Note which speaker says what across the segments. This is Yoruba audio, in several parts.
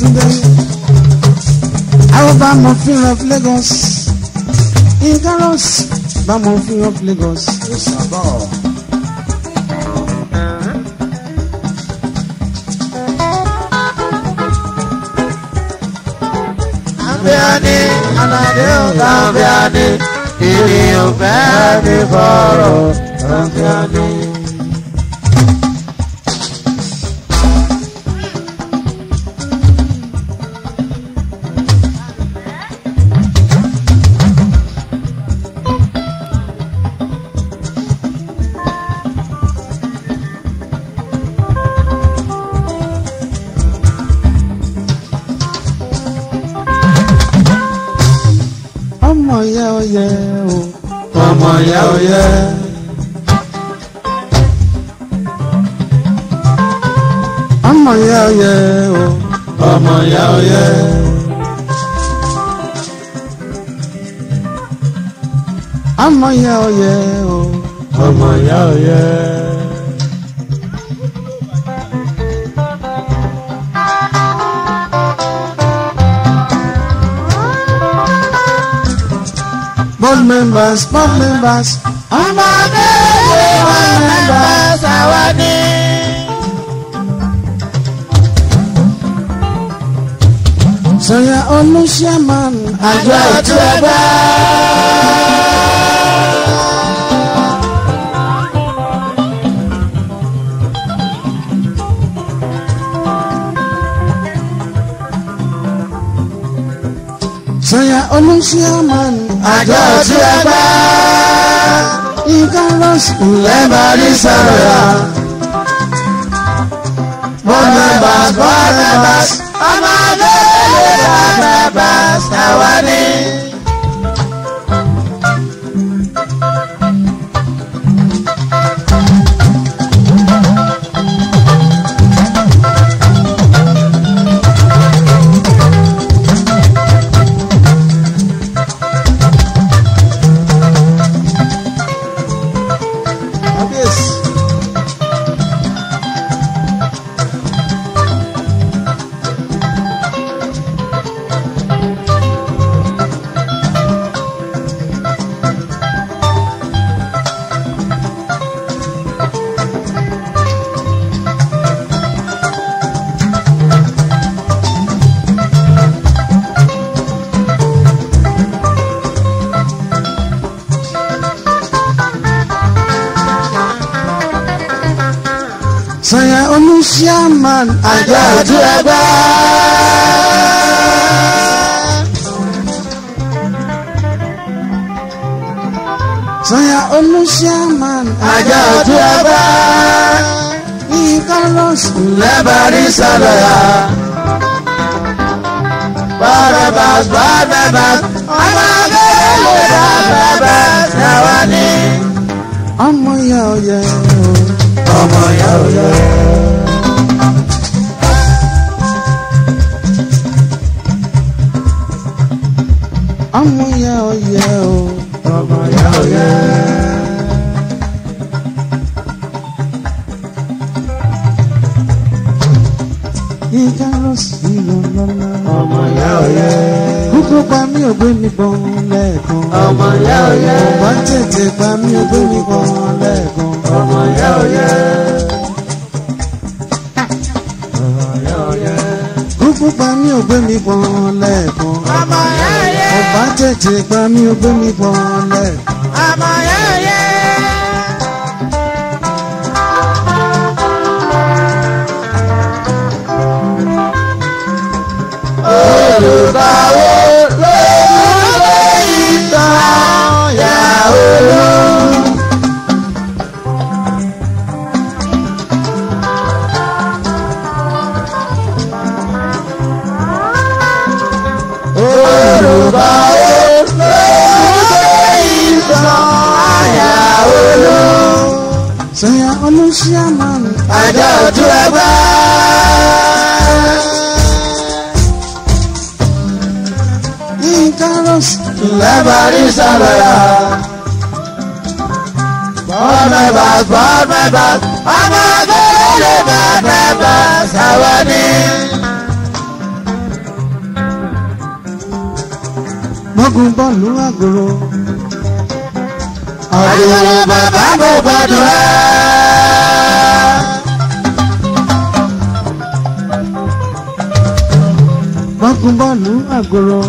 Speaker 1: Yetunde. Àwọn bámu fín of Lagos. Incaros bámu fín of Lagos. Abíáni Aládé ọ̀gá Abíáni ènìyàn fẹ́ẹ́ ní fọ́ọ̀rọ̀ Abíáni. chairman àjọ ìtura sanya olùsíàmán àjọ ìtura gbá nǹkan rọ́ọ̀sì lẹ́bàárí sọ̀rọ̀ bọ́ọ̀nà bàbá bọ́ọ̀nà bàbá ṣàwa ni. àjọ àdúrà gbà. sanya olùsíàmán àjọ àdúrà gbà. yínká lọ́sùn. lẹ́bàárí sọ̀rọ̀ yá. Barabas, Barabas, ọmọ bẹ́ẹ̀ ló dá Barabas náwa ní. ọmọ yà ó yẹ o. ọmọ yà ó o. ọmọ yeah, ọyẹ o. ọmọ yẹ ọyẹ. yíká lọ sí lọ́lọ́lá. ọmọ yẹ ọyẹ. kúkú pa mí ògbé níbọn lẹ́ẹ̀kan. ọmọ yẹ ọyẹ. bá tètè pa mí ògbé bá mi ò gbé mi bọ̀ lẹ́ẹ̀kan. ọba tètè gbá mi ò gbé mi bọ̀ lẹ́ẹ̀kan. àmọ̀ yẹ́yẹ́. bàbá ọmọ gbọ́dọ̀ lè má bàbá sáwọ́ ni. mọ́gun bọ́ọ̀lù àgòrò. àgòrò bàbá mo gbọ́dọ̀ wá. mọ́gun bọ́ọ̀lù àgòrò.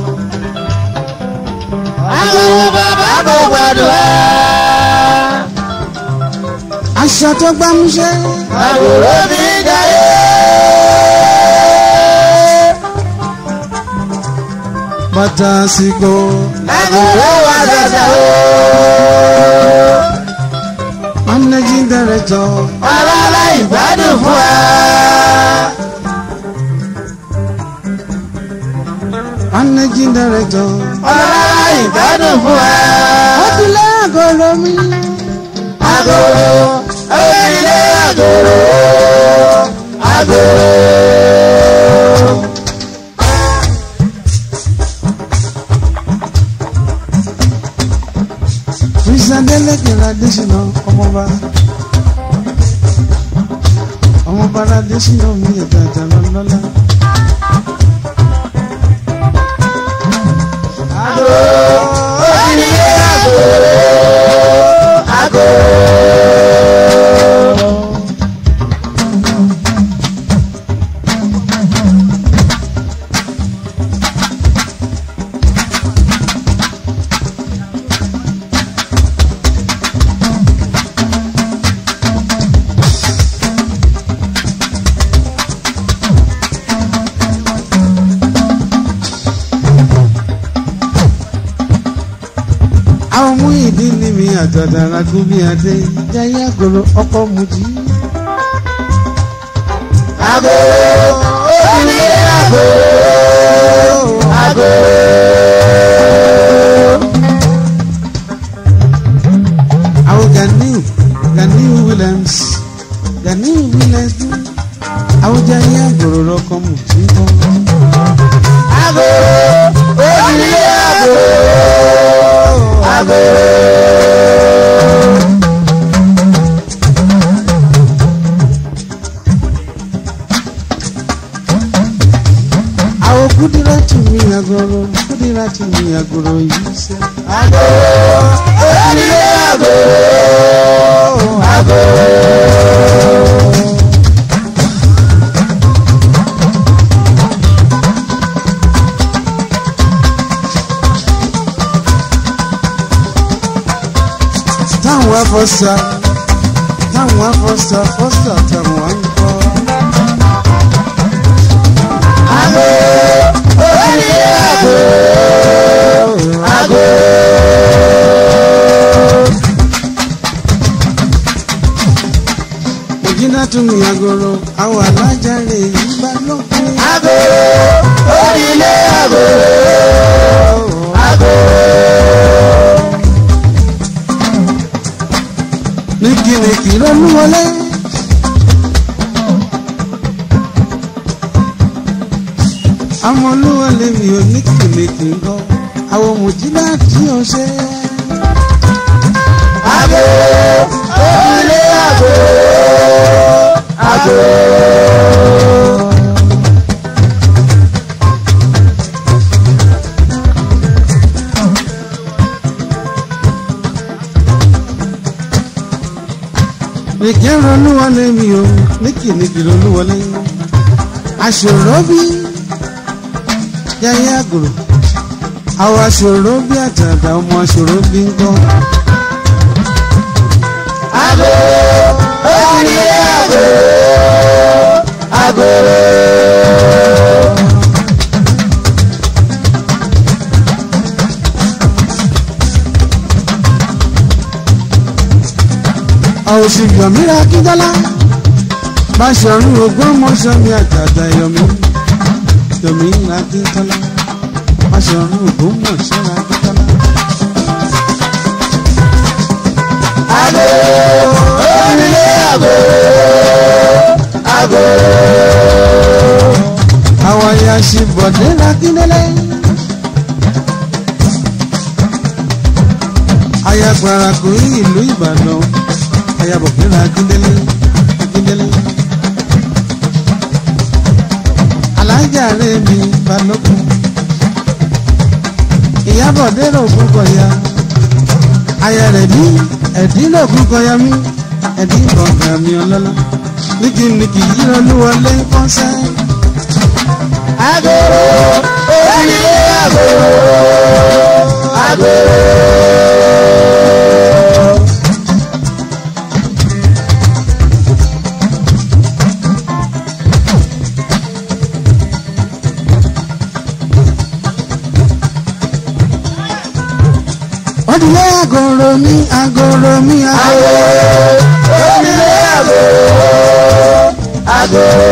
Speaker 1: àgòrò bàbá mo gbọ́dọ̀ wá aṣọ tó gbámúṣé. àwòrán mi jáde. bàtà àsìkò. àwòrán wa dàda o. managing director. alára ìgbádùn fún wa. managing director. alára ìgbádùn fún wa. ó ti lé àgọ́rọ̀ mi. àgọ́rọ̀ ilé àgòrò àgòrò. Ìsàndélẹ́kẹ̀ Ládésínà ọmọba ọmọba Ládésínà mi ẹ̀dá àjàlá lọ́lá. Àgòrò ó ní ilé àgòrò. go. dini mi atadara kubi ate jaya golo ọkọ muji. Ago onílé ago ago. Àwọn Ganiu Ganiu Williams Ganiu Williams àwọn jaya golo ọkọ muji. Saber fọ́sà táwọn afọ́sà fọ́sà èèyàn onítìmẹ̀tì ń bọ̀ àwọn mòjì láti ọ̀ṣẹ́. àgò òǹlé àgò àgò. nìkẹ́ ronú wọlé mi o níkì níkì ronú wọlé aṣòro bíi yẹ́yẹ́ àgùrò àwa ṣòro bí àjàdà ọmọ ṣòro bí ń gbọ́. àgòrò ó ní àgòrò àgòrò. àwòṣù yọ̀mí ra kíndọ́lá bá ṣọ̀run ògbọ́n mọ́ṣọ́ mi àjàdà yọ̀mí domin akíntọ́lá aṣọ̀run ògbómọ̀ṣọ́ akíntọ́lá. àgò onílé àgò àgò. àwọn ẹ̀yà ṣì bọ̀dé lákíndélé. ayagbara kò rí ìlú ìbàdàn ayabọ̀kẹ́rẹ́ akíndélé akíndélé. alájàre mi balógun ìyábọ̀dé lògùn kọ̀yà ayẹ̀rẹ̀dí ẹ̀dí lògùn kọ̀yà mi ẹ̀dí gbọ̀ngàn mi ọlọ́lá nìkìnìkì yìí olúwọlé kọ́nsẹ́. agolo ó agoro, agoro. agoro mi agoro mi agoro onílé àgò agoro.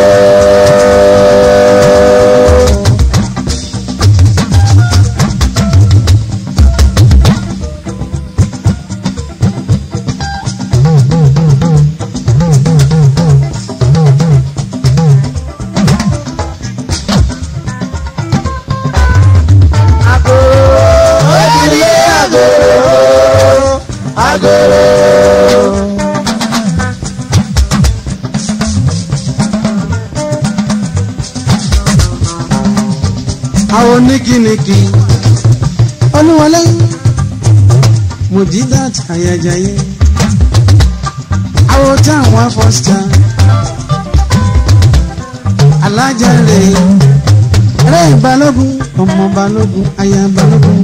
Speaker 1: àbí olúwọlé mudidat ayajaye. awota àwọn afọ́sítà alájà rèé rèé balógun ọmọ balógun aya balógun.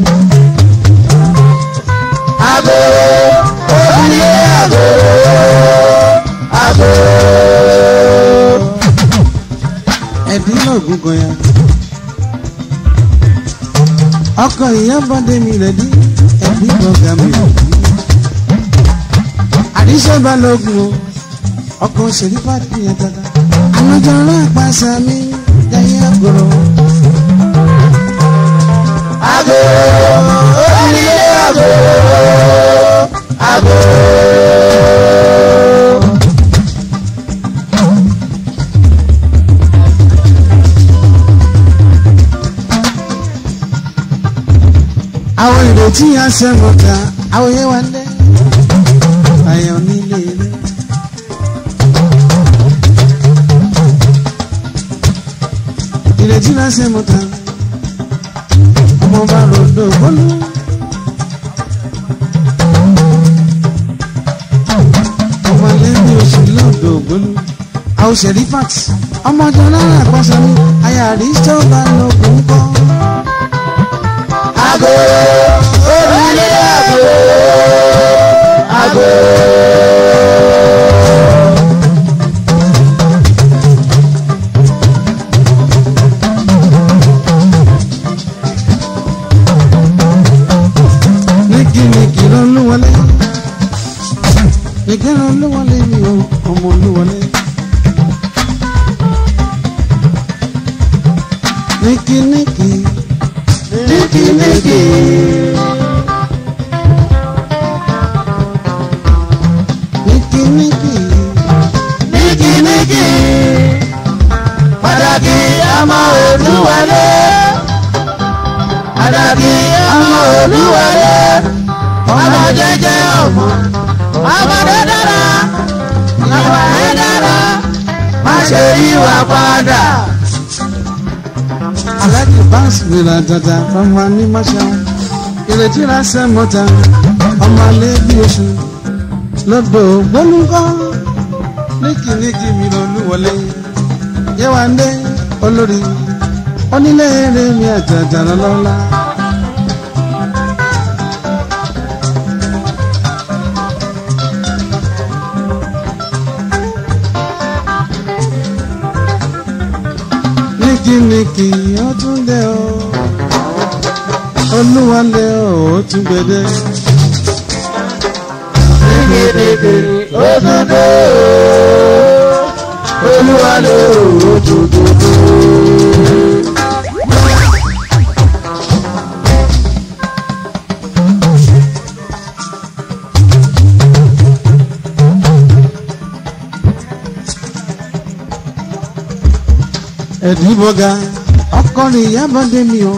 Speaker 1: àbò onílé àbò àbò. ẹ̀dínlógún kan ọkọ ìyábọ̀dé mi rẹ̀ dí ẹbí gbọ̀ngà mi rẹ̀ dí. àdìsẹ́ balógun o ọkọ òṣèré pàtó yẹn dada àlọ́jọ́ ọ̀rọ̀ àpàṣà mi jayé àgọ́rọ̀. àgọ́ onílé àgọ́ àgọ́. Èjì àṣẹ̀mọ̀ta àwòyẹ wa ń dẹ́. Àyàn nílé ilé. Ìrètí àṣẹ̀mọ̀ta ọmọ bá ròdò bọ́lú. Ọmọ lẹ́bí oṣù lọ́dọ̀ ògbólú. Àwòṣẹ̀ rí fàtì. Ọmọ ọjọ́ náírà kan sọ mí. Àyà rí sọ́ọ̀bà lọ́gùn kọ́. Àgọ́ onílé àgbo àgbo. nìkìnìkì ló ń lú wọlé nìkìnìkì ló ń lú wọlé mi ò ọmọ lú wọlé. nìkìnìkì nìkìnìkì. padà. aláàjì báńsì gbéra dada ọmọ anímọ̀ṣá ìrètí ránṣẹ́ mọ́ta ọmọ alẹ́ bí oṣù lọ́dọ̀ gbólúkọ́ níkìníkì mi lọ́lúwọlé yẹ́wàá ń dé olórí onílé eré mi àjàjà lọ́lọ́lá. gíníkì ó tún dé o olúwa lé o ó tún gbèdé. gíníkì ó tún dé o olúwa lé o ó tún gbèdé. ẹ̀dínbọ̀gà ọkọ ni ìyá bá dé mi o.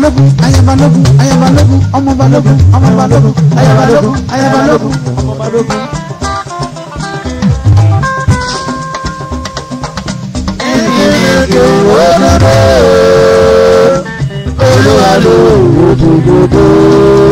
Speaker 1: balógun aya balógun aya balógun ọmọ balógun ọmọ balógun aya balógun aya balógun ọmọ balógun. olúwa ló wò tó gbogbo.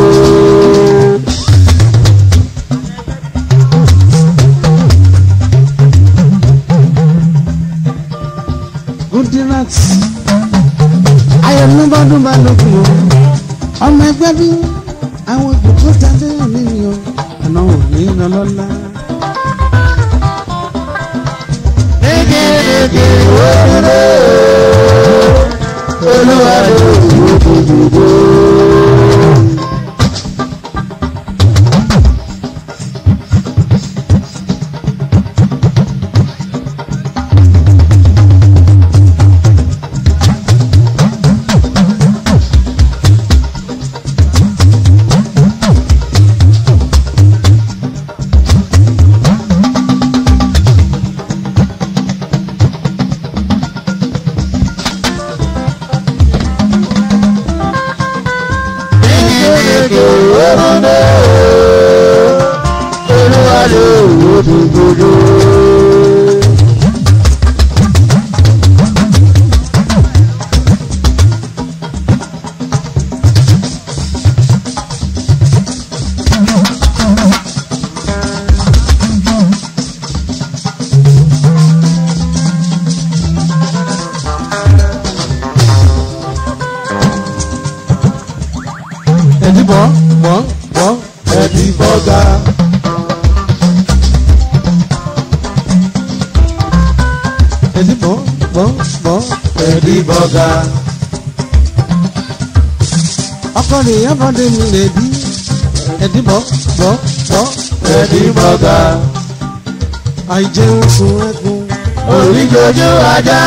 Speaker 1: àìjẹ́ oṣù ẹkùn. oníjojú ajá.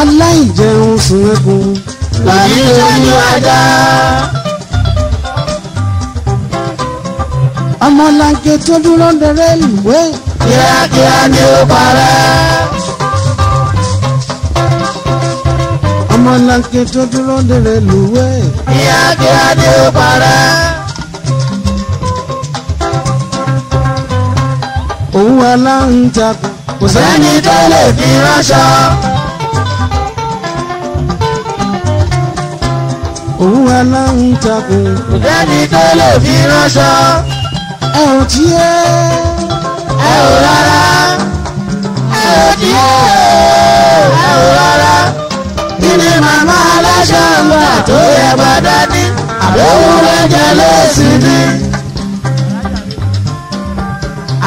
Speaker 1: aláìjẹ́ oṣù ẹkùn. oníjojú ajá. ọmọlanke tó dúró dẹrẹ ìwé. kíákíá ni ó parẹ́. ọmọlanke tó dúró dẹrẹ ìwé. kíákíá ni ó parẹ́. òun aláǹtakùn kò sẹ́ni tó lè fi ránṣọ. òun aláǹtakùn kò sẹ́ni tó lè fi ránṣọ. ẹ ò tí ẹ. ẹ ò rárá ẹ ò tí ẹ ẹ ò rárá kí ni màmá aláṣọ ń gbà tó yẹ bá dání àbẹ̀wò rẹ̀ jẹ́ lóṣìṣẹ́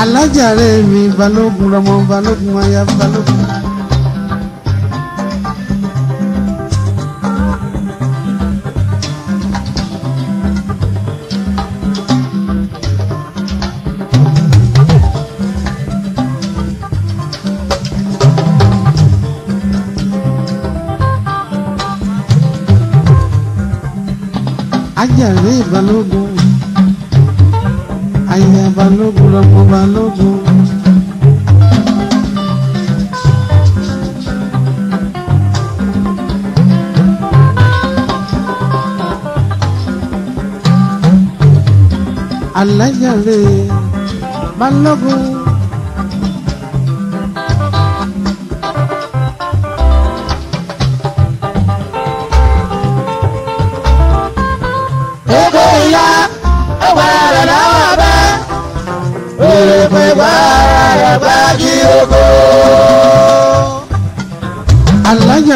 Speaker 1: alájàre mi balógun lọmọ balógun aya balógun. ajàre balógun àyà balógun lọmọ balógun. aláyàlè balógun.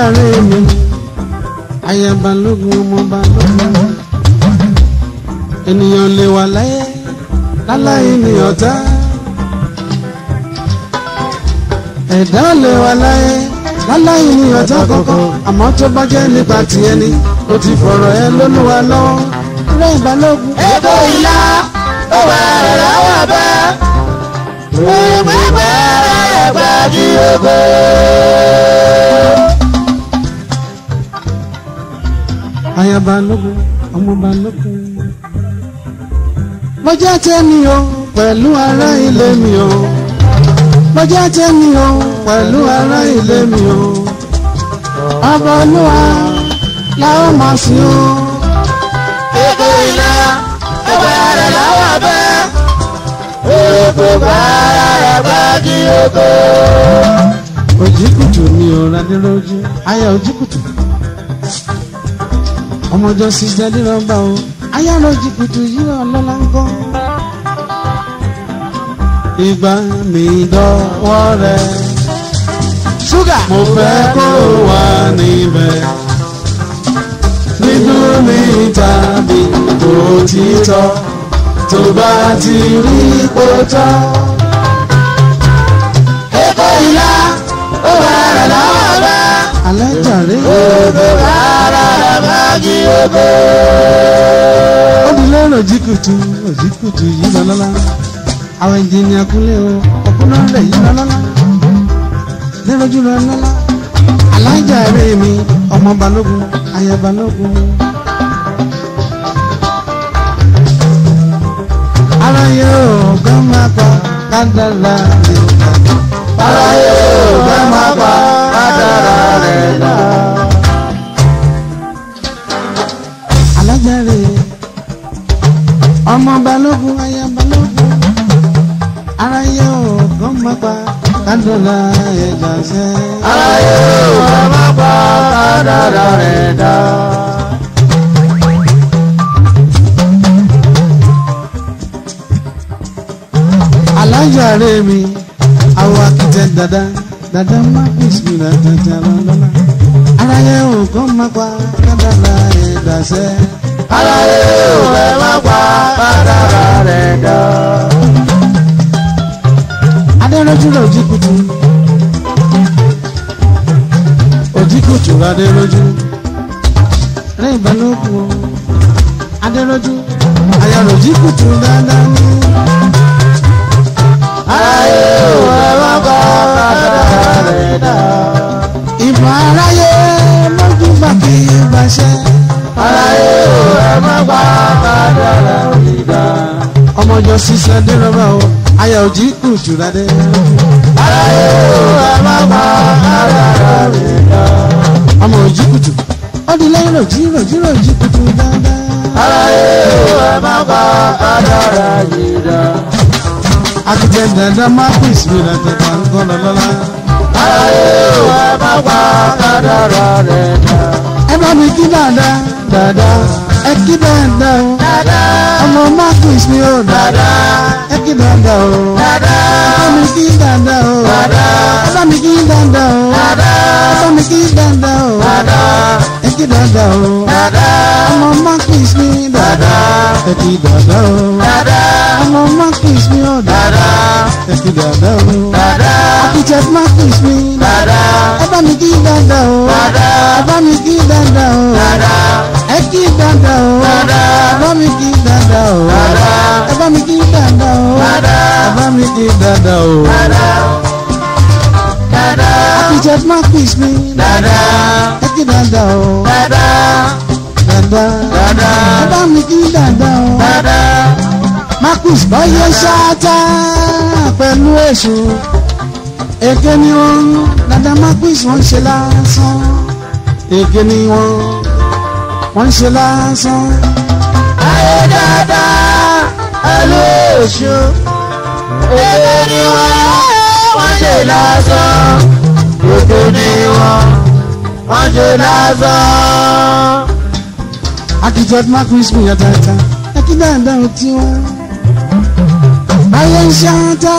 Speaker 1: jàre mi ayaba lógun ọmọba lógun ènìyàn lè wà láyé
Speaker 2: láláyé ni ọ̀tá
Speaker 1: ẹ̀dá lè wà láyé láláyé ni ọ̀tá kankan àmọ́ tó bá jẹ́ nípa tiẹ̀ ni ó ti fọ̀rọ̀ ẹ lólúwa lọ́wọ́ rẹ̀ ìbálòpọ̀. ẹ̀kọ́ ìlà ó wà rárá wà bá pípẹ́ pẹ́ ẹ̀gbá jí aya balógun ọmọ balógun. mo jẹ́ tẹ́mi o pẹ̀lú ará ilé mi o mo jẹ́ tẹ́mi o pẹ̀lú ará ilé mi o ọba olúwa làwọn máa sìn o. ètò iná ọba rẹ̀ làwọn abẹ́ ètò bàrà rẹ̀ bá kí o tó. kùtù mi ò ra ní lójú aya òjì kùtù ọmọjọ sísẹ dírọba o ayálò jìbìtì yíyọ lọlá ń gbọ. ìgbà mi dọwọ́ rẹ. ṣúgà. mo fẹ́ kó wà níbẹ̀ nínú mi tàbí òtítọ́ tó bá ti rí kọjá. ẹ̀kọ́ ìlà jàre. Ògo rárá lábàgì ògo. Ó di lẹ́nu òjìkùtù òjìkùtù yìí lọ́lọ́lá. Àwọn ẹnjìnìà kúnlẹ̀ o, ọ̀kúnná lẹ̀ yìí lọ́lọ́lá. Lẹ́rọ̀jú lọ́lọ́lá. Alájà rẹ̀ mi, ọmọ balógun, aya balógun. Ara yóò gbọ́ máa pa kádàlá mi. Ara yóò gbọ́ máa pa kádàlá rẹ̀ dá. ọmọ balógun aya balógun aráyé ò kàn má pa kádọ́là ẹ̀dá sẹ́. aráyé ò kàn má pa kádọ́là ẹ̀dá. alájà rẹ̀ mi àwọn akitẹ dada dada má bísí dada dada lọ́la aráyé ò kàn má pa kádọ́là ẹ̀dá sẹ́ aláyé ò fẹ́ má pa pátára rẹ̀ dán. adẹ́rẹ́jú lọ jí kutu òjí kutu adẹ́rẹ́jú rẹ̀ ìbálòpọ̀ adẹ́rẹ́jú àyàrá òjí kutu dáadáa ní. aláyé ò fẹ́ má pa pátára rẹ̀ dán aláyé o ẹ má pa kádàrá òyìnbá. ọmọjọ ṣiṣẹ dẹrọba o ayé òjì kù jùlá dé. aláyé o ẹ má pa kádàrá òyìnbá. ọmọ òjì kùtù ọdún lẹ́yìn rọ̀jí rọ̀jí rọ̀jí kùtù dáadáa. aláyé o ẹ má pa kádàrá òyìnbá. akitẹ dandan má kú ìsinmi lantẹ kan kọlọlọla. aláyé o ẹ má pa kádàrá rẹ dáa ẹ bá mi kí dada dada ẹ kí dada o dada ọmọ marcus ni o dada ẹ kí dada o dada ẹ bá mi kí dada o dada ẹ bá mi kí dada o dada ẹ bá mi kí dada o dada ẹ kí dada o dada ọmọ marcus ni dada ẹ kí dada o dada ọmọ marcus ni o dada ẹ kí dada o dada akitẹ marcus ni dada ẹ bá mi kí dada o dada ẹ bá mi kí dada o dada ẹ kí dada o ẹ bá mi kí dada o ẹ bá mi kí dada o ẹ bá mi kí dada o. Akijat ma kiss me. Dada. Ẹ kí dada o. Dada. Dada. Dada. Ẹ bá mi kí dada o. Dada. Marcus báyé ṣáájá pẹ̀lú èso. Èké ni wọ́n. Dada Marcus wọ́n ṣe lásán. Èké ni wọ́n wọ́n ń ṣe lásán. ayé dáadáa ẹlòṣù èdè ni wọ́n wọ́n ṣe lásán èdè ni wọ́n wọ́n ṣe lásán. akitọ tí wọn kú ìsìnkú yẹn dáadáa ẹkí dáadáa tí wọn. ayé ń ṣáńtà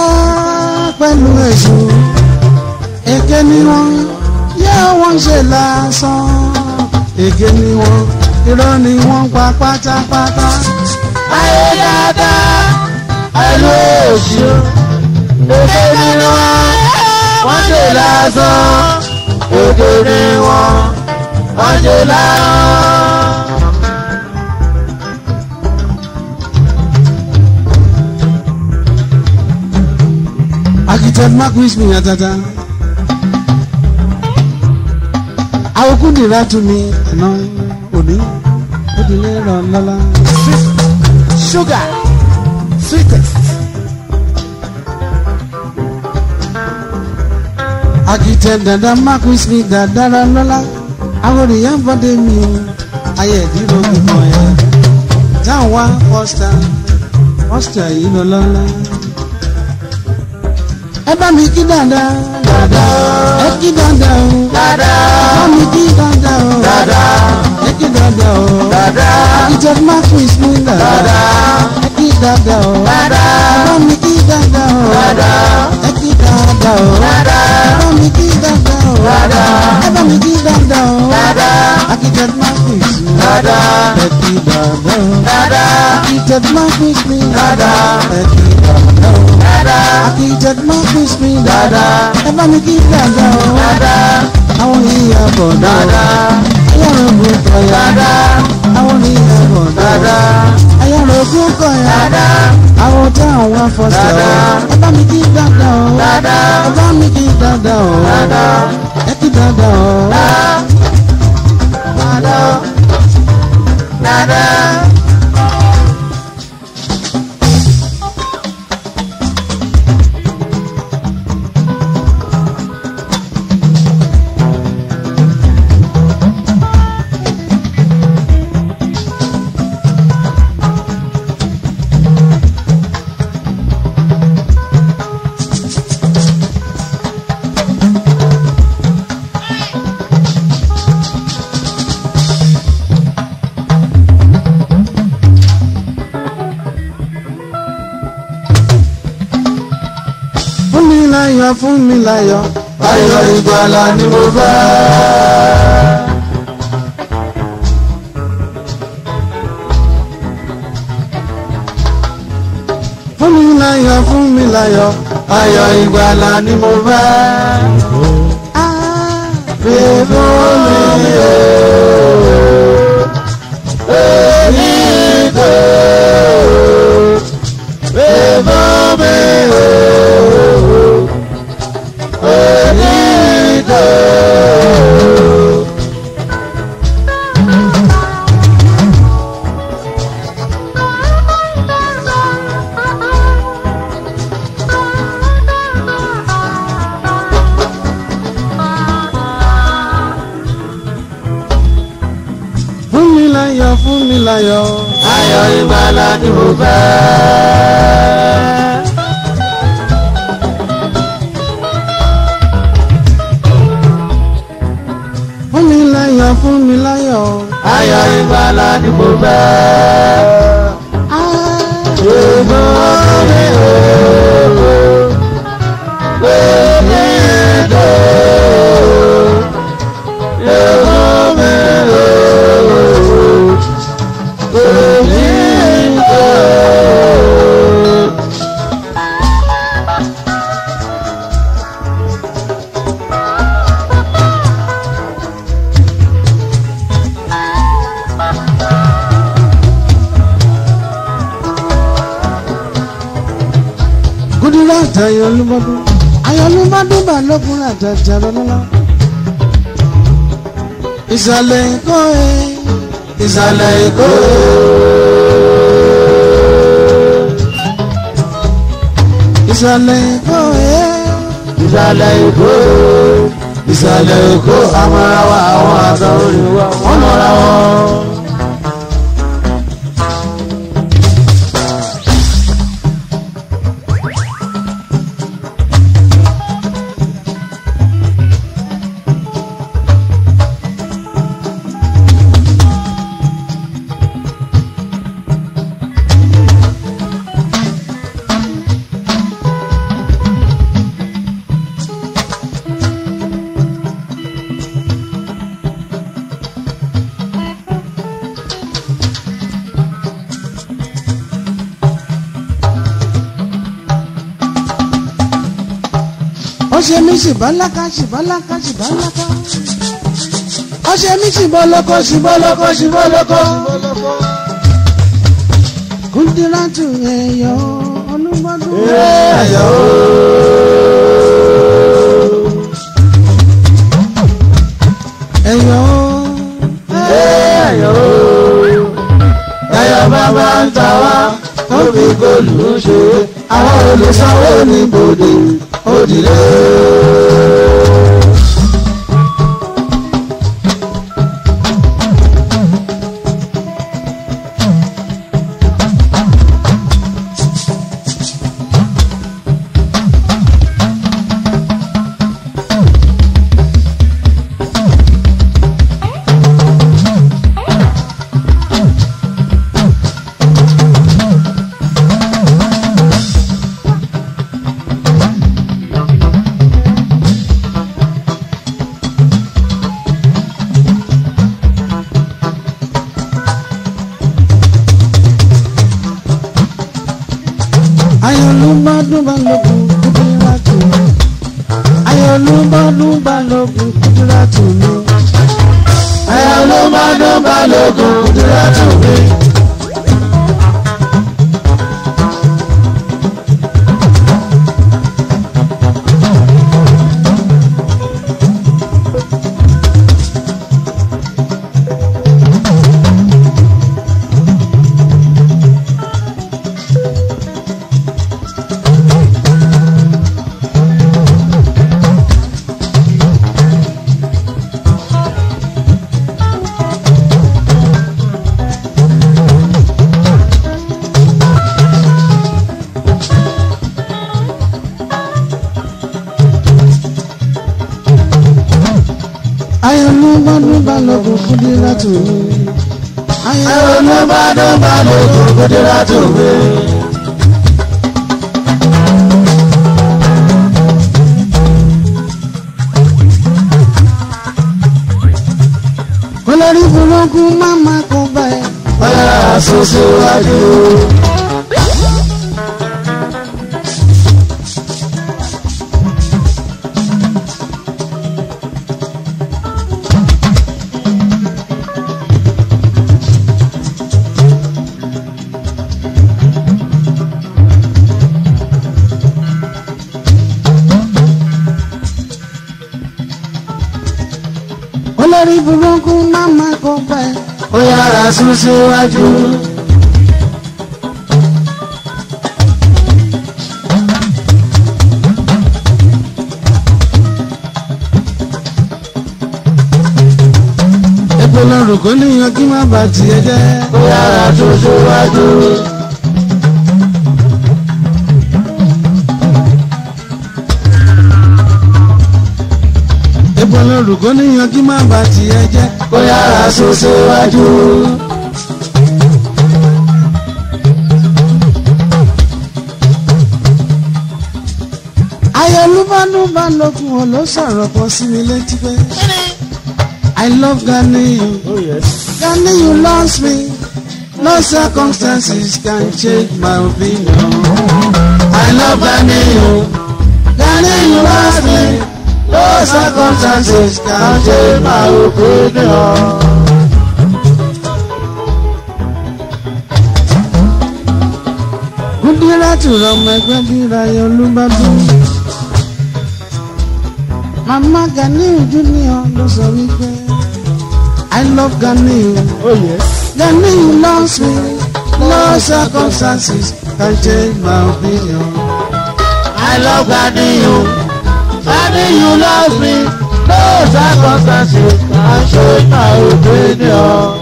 Speaker 1: pẹ̀lú ẹ̀ṣọ́ èké ni wọ́n yẹ́ wọ́n ṣe lásán èké ni wọ́n irọ́ ni wọ́n ń pa pátápátá. ayé dáadáa ẹlú òṣì òde ni wọn wọ́n jò lásán òde ni wọn wọ́n jò lásán. Architect Mark Wismi Yatata. I will go to me, you know òní ó di lẹ́ràn sugar sweetest. akitẹ dada makun sweet dadara lọ́la awòrìyàn bọ́dé mi o ayé ìdúró gbogbo ẹ̀ táwọn wá fọ́sítà fọ́sítà yìí lọ lọ́la. ẹ bá mi kí dáadáa dada ẹ kí dáadáa o dada ẹ bá mi kí dáadáa o dada kí dáadáa o. dáadáa. ìjọba má fún ìsúná. dáadáa. ẹ kí dáadáa o. dáadáa. bá mi kí dáadáa o. dáadáa. ẹ kí dáadáa o. dáadáa. bá mi kí dáadáa o. dáadáa. ẹ bá mi kí dáadáa o. dáadáa. akíjọba má fún ìsúná. dáadáa. ẹ kí dáadáa o. dáadáa. akíjọba má fún ìsúná. dáadáa. ẹ kí o. dáadáa. akíjọba má fún ìsúná. dáadáa. ẹ bá mi kí dáadáa o. dáadáa. I won't hear for dada. I wanna go for dada. I won't hear for dada. I wanna go for dada. I won't tell one for dada. ayọ̀ ayọ̀
Speaker 2: ìgbàlà ni mo
Speaker 1: fẹ́. fún mi láyọ̀ fún mi láyọ̀ ayọ̀ ìgbàlà ni mo fẹ́. fèèrè ah, mi yẹ. over. Goodluck Ayọ̀olúmọ́dún Ayọ̀olúmọ́dún Balógun àjàjà lọ́lọ́lá. Ìsàlẹ̀ Èkó e Ìsàlẹ̀ Èkó e. Ìsàlẹ̀ Èkó e Ìsàlẹ̀ Èkó Ìsàlẹ̀ Èkó àmọ́ra wa àwọn àtàwọn olùwà wọn nọra wọn. mi ṣìbáláka ṣìbáláka ṣìbáláka. ọṣẹ mi ṣìbọlọkọ ṣìbọlọkọ ṣìbọlọkọ. kúndínlátù ẹ̀yọ́ olúgbọ́dún. ẹ̀yọ́ ẹ̀yọ́ ẹ̀yọ́ ẹ̀yọ́ bàbá ń ta wá ó fi góòlù ń ṣe àwọn olùsanwó ní bòde òdìlé. 아주 bá tiẹ̀ jẹ́. Ó yára tó síwájú. Epo lórúkọ níyan kí má bá tiẹ̀ jẹ́. Ó yára tó síwájú. ayọ̀lúbánú bá lókun ọ̀ ló sọ̀rọ̀ sí mi létí pé I love Ghana. Oh yes. Can you lost me? No circumstances can change my opinion. I love Ghanaian. Ghanaian, you lost me. No circumstances can change my opinion. Kúndé láti rọmọ ẹgbẹ́ bíra yọ ló bá bí. Màmá Ghanaian Junior ló sọ wípé. I love Gani. Oh yes. Gani loves me. No circumstances can change my opinion. I love Gani. Oh. Gani, loves me. No circumstances can change my opinion.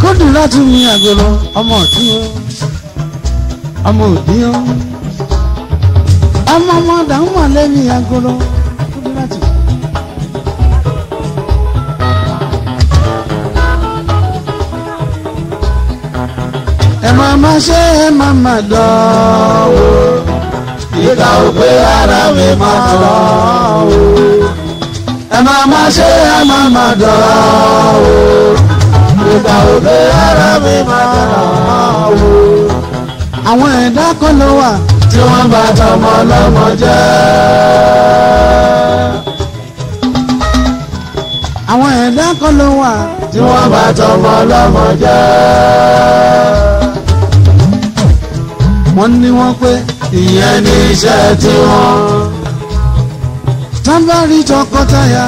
Speaker 1: Kódùn láti mi àgọ́rọ̀ ọmọ ọ̀tún o, ọmọ òdí o, ọmọ ọmọ dàrú mọ̀ lẹ́yìn àgọ́rọ̀. Mama ṣe mama dánwò ìka ò pé ara mi máa dánwò ẹ Mama ṣe mama dánwò ìka ò pé ara mi máa dánwò. àwọn ẹ̀dá kan ló wà tí wọ́n bá tọmọ lọ́mọ jẹ́. àwọn ẹ̀dá kan ló wà tí wọ́n bá tọmọ lọ́mọ jẹ́ wọ́n ní wọ́n pé ìyẹn ní iṣẹ́ tiwọn. tán bá rí tọkọtaya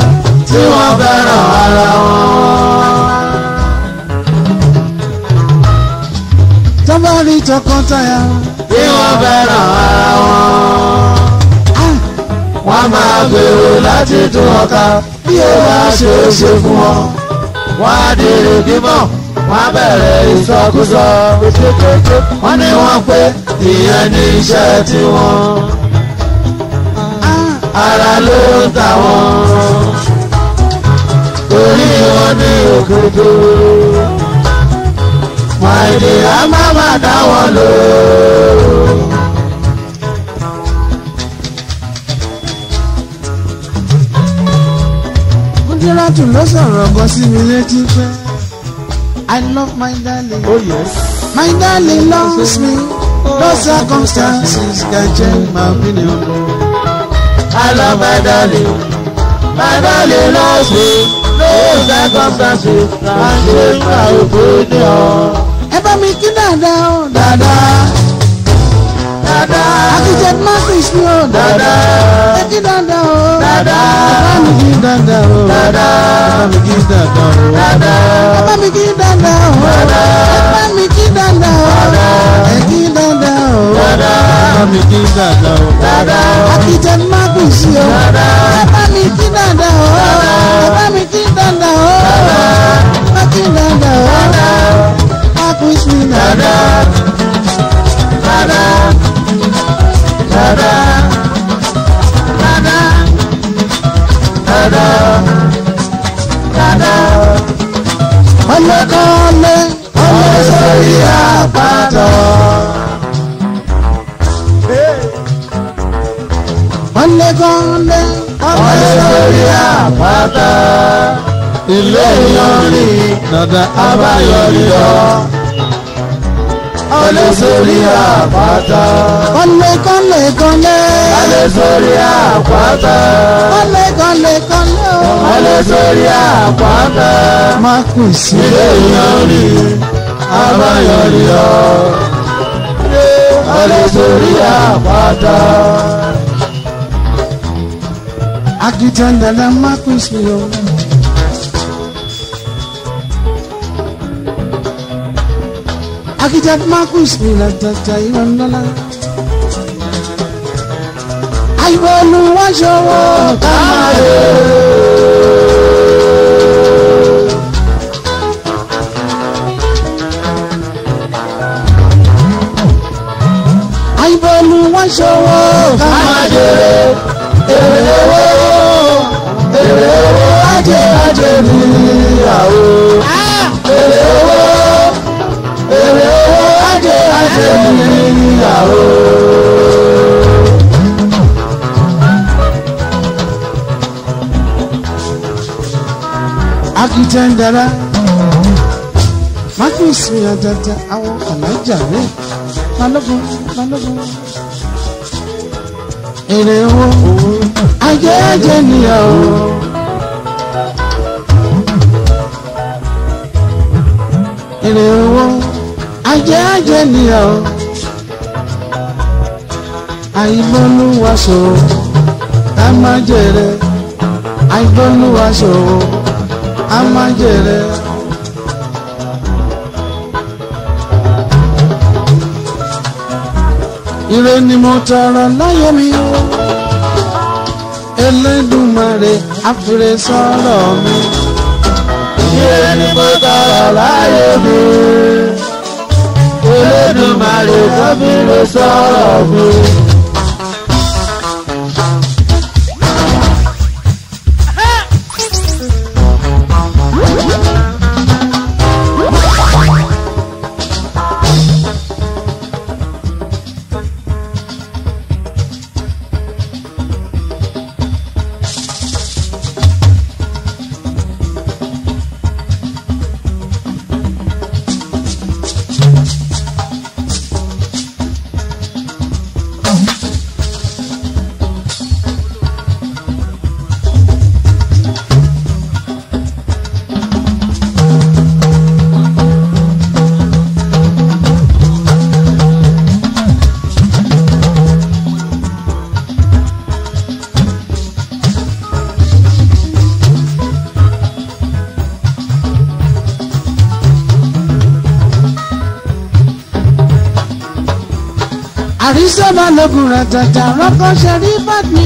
Speaker 1: tí wọ́n fẹ́ràn ara wọn. tán bá rí tọkọtaya tí wọ́n fẹ́ràn ara wọn. wọ́n máa gbèrò láti tún ọ̀ka bí ó bá ṣe é ṣe fún wọn. wọ́n á dèrè bímọ wọ́n á bẹ̀rẹ̀ ìsọkúsọ. wọ́n ní wọ́n pé ìyẹn ní iṣẹ́ tiwọn ara ló ń ta wọn torí wọn ní òkúto màìdí a má má dá wọn lò. Mujiratu ló sọ̀rọ̀ gan sí mi létí pé I love my darling. Oh yes. My darling loves me. No circumstances can change my opinion. I love my darling. My darling loves me. No circumstances can change my opinion. Ẹ bá mi kí dáadáa o. Dáadáa. Dáadáa. Akíjẹ Mavis ni o. Dáadáa. Ẹ kí dáadáa o. Dáadáa. Ẹ bá mi kí dáadáa o. Dáadáa. Ẹ bá mi kí dáadáa o. Dáadáa. Ẹ bá mi kí dáadáa o. Dáadáa. Ẹ bá mi. mi kí dàda o. Dàda o. Àkìjẹ ni má kù sí o. Dàda o. Ẹ bá mi kí dàda o. Dàda o. Ẹ bá mi kí dàda o. Dàda o. Ẹ bá kí dàda o. Dàda o. Má kù sí dàda. Dàda. Dàda. Dàda. Dàda. ọlọ́sọ̀rí àpàtàn. gánlégánlé. Alẹ́ lórí àpáta, ilé ìyanrì, dàda abáyọrí lọ. Alẹ́ sórí àpáta. Gánlégánlégánlé. Alẹ́ sórí àpáta. Gánlégánlégánlé. Alẹ́ sórí àpáta. Má kù sí. Ilé ìyanrì, abáyọrí lọ. Alẹ́ sórí àpáta. Akitanda la makusio Akijat makusila tata iwanala Aibolu wajowo kamare ṣòwò ká máa jèrè èrè owó ajé ajé mi àwò. èrè owó èrè owó ajé ajé mi àwò. akitan dara magnus mi ajata àwọn alájà rẹ balógun balógun èrè owó ajé ajé nìyàwó. èrè owó ajẹ́ ajẹ́ nìyọ àìbọ́lúwaṣọ ká má jèrè àìbọ́lúwaṣọ ká má jèrè. ire ni mo tọrọ láyé mi o Elédùmarè àfìrè sọ̀rọ̀ mi ayé ni mo tọrọ láyé mi. Olódùmarè kan fi lè sọ̀rọ̀ mi. balógun rẹ̀ jàjà rọ́kọ́ ṣe rí bàdí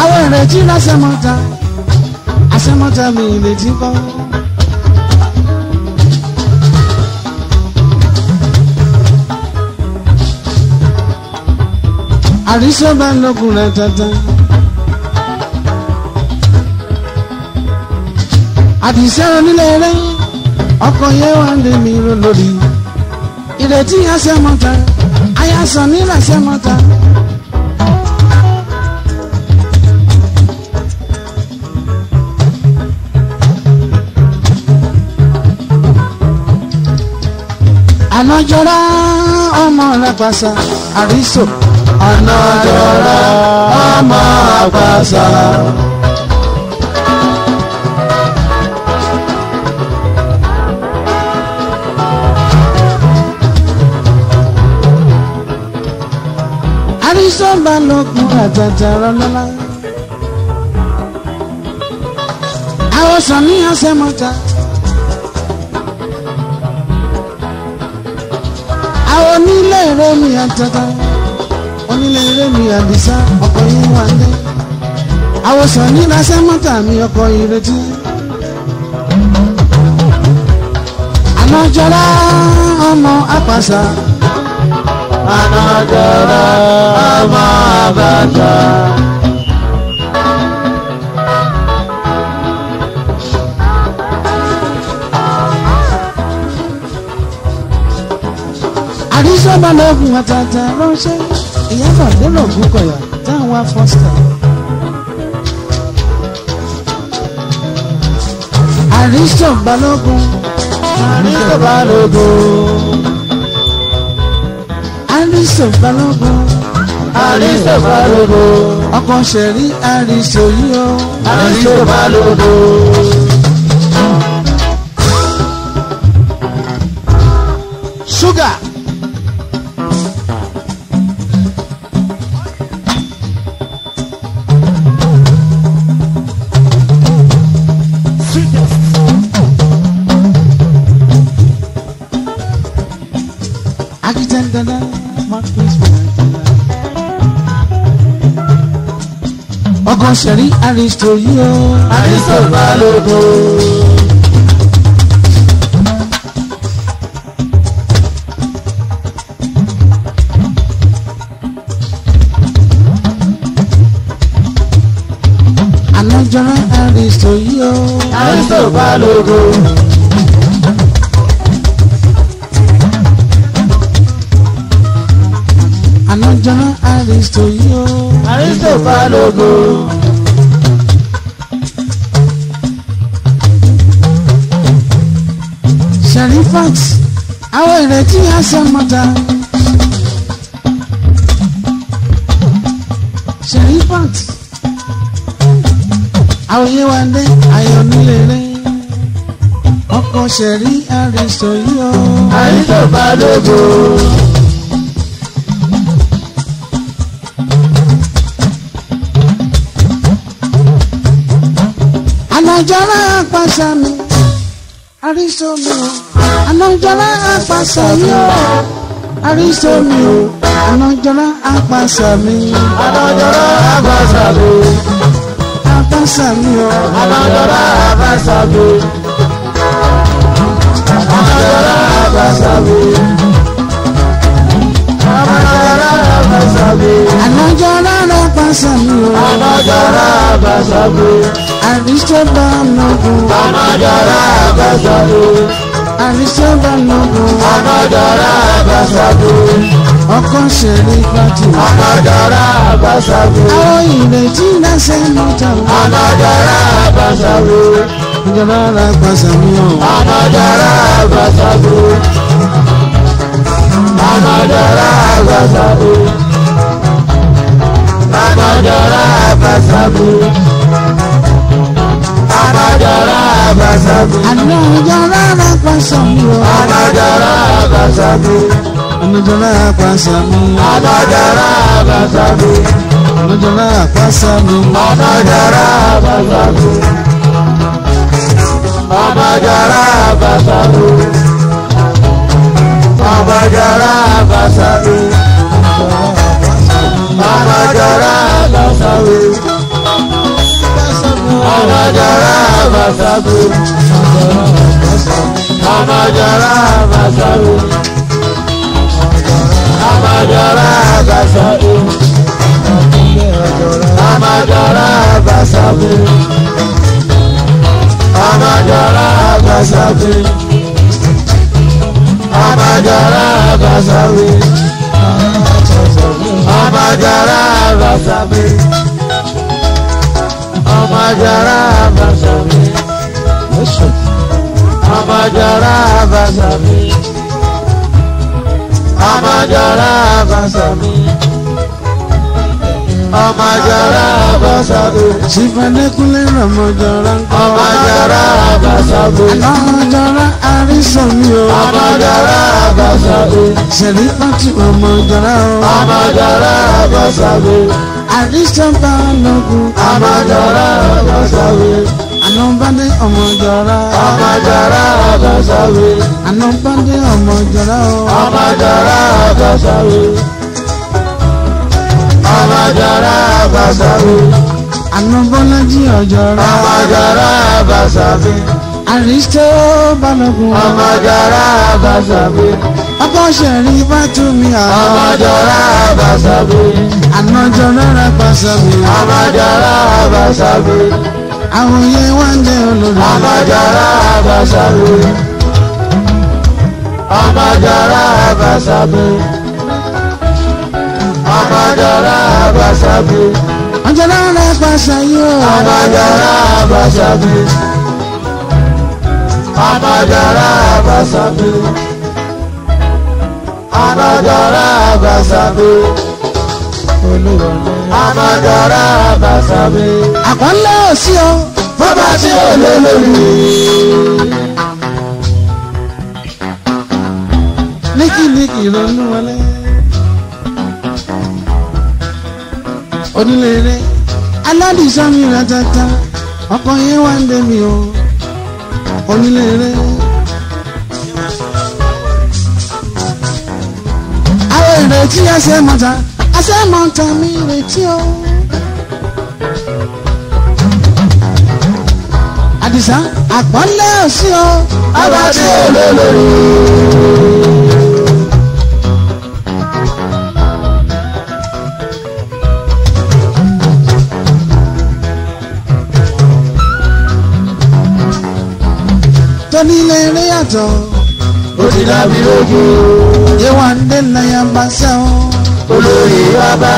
Speaker 1: àwọn ìrètí lásẹ̀mọ́ta àṣẹmọ́ta mi ìrètí kọ́. àríṣẹ́ balógun rẹ̀ jàjà. àdìsẹ́ onílé rẹ̀ ọkọ̀ yẹn wà ń lé mi lórí ìrètí àṣẹmọ́ta ayásọ̀ nílẹ̀ àṣẹmọ́ta. ànájọ́rá ọmọ Apàṣà àrísò. ànájọ́rá ọmọ Apàṣà. àrísò balógun àjàjà rọlọ́lá. àwọn sàn ní ọ̀sẹ̀ mọ́ta. onílé ire mi àjàgà onílé ire mi àdìsá ọkọ yín wà ní. àwòsàn ní lásán mọ́tà mi ọkọ ìrètí. ànájọ́lá ọmọ àpàṣà. ànájọ́lá ọmọ àbàṣà. àdìsọ́ba lọ́gùn àtàtà ránṣẹ́ ìyábọ̀ délọ̀gùn kọ̀yà táwọn afọ́sítà. àdìsọ́ba lọ́gùn àdìsọ́ba lọ́gùn àdìsọ́ balógun àdìsọ́ balógun ọkọ̀ ṣẹ̀rí àdìsọ́ yìí ó àdìsọ́ balógun. aristo yìí o aristo balógun. alájọ aristo yìí o aristo balógun. alájọ aristo yìí o aristo balógun. fact àwọn ìrètí àṣẹ mọ̀tà. ṣèyí fact àwọn yẹn wá dé ayọ̀ nílé rẹ̀ ọkọ̀ ṣẹ̀rí àrẹ̀sọ̀ yìí ó. àyíkò bá lógo. alájọ́ra pàṣẹ mi àrẹ̀sọ̀ mi ò. Ànájọlá àpàṣà mi o àríṣọ mi o Ànájọlá àpàṣà mi. Ànájọlá àpàṣà mi. Àpàṣà mi o. Ànájọlá àpàṣà mi. Ànájọlá àpàṣà mi. Ànájọlá àpàṣà mi. Ànájọlá àpàṣà mi o. Ànájọlá àpàṣà mi. Àríṣọ bá ọ̀nà gùn. Ànájọlá àpàṣà mi àrísọ́bà nọ́bù. ọ̀nàdàrà àbáṣàgbò. ọkọ̀ ṣẹ̀rí pàtó. ọ̀nàdàrà àbáṣàgbò. àwọn ìrètí náà ṣe mọ́tà. ọ̀nàdàrà àbáṣàgbò. ọ̀nàdàrà àbáṣàgbò. ọ̀nàdàrà àbáṣàgbò. ọ̀nàdàrà àbáṣàgbò. ọ̀nàdàrà àbáṣàgbò. Adájọ́ra Abasago. Adájọ́ra Abasago. Adájọ́ra Abasago. Adájọ́ra Abasago. Adájọ́ra Abasago. Adájọ́ra Abasago. Adájọ́ra Abasago. Adájọ́ra Abasago. Adájọ́ra Abasago. Adájọ́ra Abasago. Amadara Masabu. Amadara Masabu. Amadara Masabu. Amadara Masabu. Amadara Masabu. Amadara Masabu. Amadara Masabu. Amajara Basabi. Listen. Amajara Basabi. Amajara Basabi. Amajara Basabi. Sifanekule Ramajara. Amajara Basabi àrísàmì o. Amagara Abasabe. Ṣèlú pàtó Amagara o. Amagara Abasabe. Àrísàmbá lọ́gùn. Amagara Abasabe. Anambade Amagara. Amagara Abasabe. Anambade Amagara o. Amagara Abasabe. Amagara Abasabe. Anambọ́lájí ọjọ́ rẹ̀. Amagara Abasabe àríṣẹ́ balógun. ọmọjọra àbáṣàbí. abọ́sẹ̀rí bá tú mi à. ọmọjọra àbáṣàbí. ànájọra àbáṣàbí. ọmọjọra àbáṣàbí. àwòye wá ń jẹ olórí. Amajara àbáṣàbí. Amajara àbáṣàbí. ọmọjọra àbáṣàbí. ọjọ́ náà lẹ́ẹ̀pàṣẹ yóò. ọmọjọra àbáṣàbí anadara abasabe anadara abasabe olúwa anadara abasabe. àpọ́nlé òsì o. bàbá tí o lè lórí. níkìníkì ronú wọlé. onílé rẹ aládìsá mi rà tata ọkọ yẹn wá ń dé mi o onílé rẹ. àwọn ìrètí ẹsẹ̀ mọ̀tà ẹsẹ̀ mọ̀tà mi ìrètí o. àdìsá àpọ́nlé òsì o. ọba tí ò lè lórí. onílé eré yàtọ̀. ó ti dábì lójú. Yéwándé náyà bá ṣe o. Olori ọba.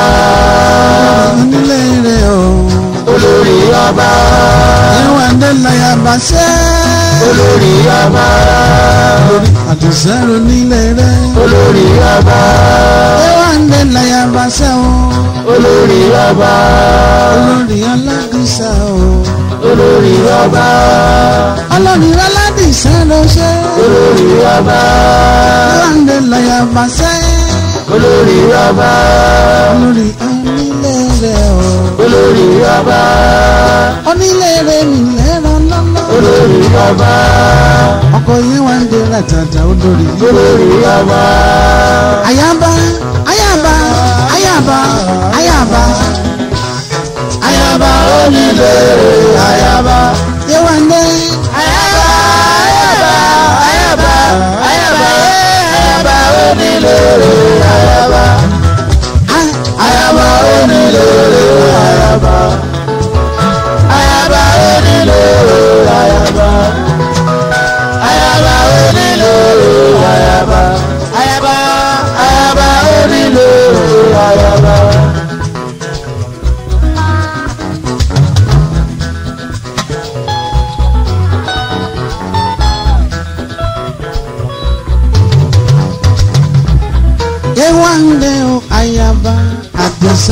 Speaker 1: onílé eré o. olórí ọba. Yéwándé náyà bá ṣe. olórí ọba. àdùsẹ́rù nílé eré. olórí ọba. Yéwándé náyà bá ṣe o. olórí ọba. olórí ọlágùsà o. olórí ọba. olórí ọlá ìṣẹ́lọ́ṣẹ́. olórí ọba. láǹdẹ̀ lọ́yàbá ṣẹ́. olórí ọba. olórí onílé rẹ̀ o. olórí ọba. onílé rẹ̀ mi lẹ́rọ lọ́lọ́. olórí ọba. ọkọ yẹn wá ń dera tàtà olórí. olórí ọba. ayaba àyàbá ayaba àyàbá àyàbá onílé rẹ̀ àyàbá. yẹ́wà ń dẹ́. onílòrè ayaba ayaba onílòrè.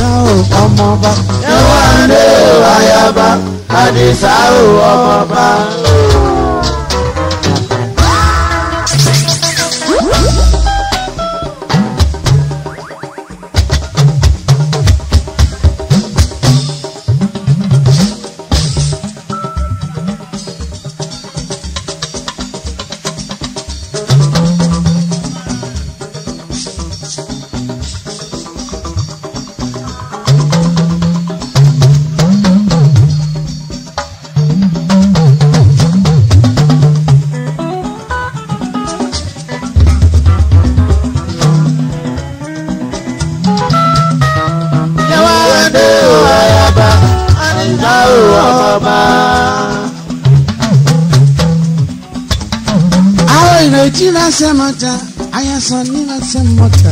Speaker 1: àdìsá o ọmọọba. ṣé wàá ń lé o ayaba àdìsá o ọmọọba. mọ̀tà ayásọ nílá sẹ́ mọ̀tà.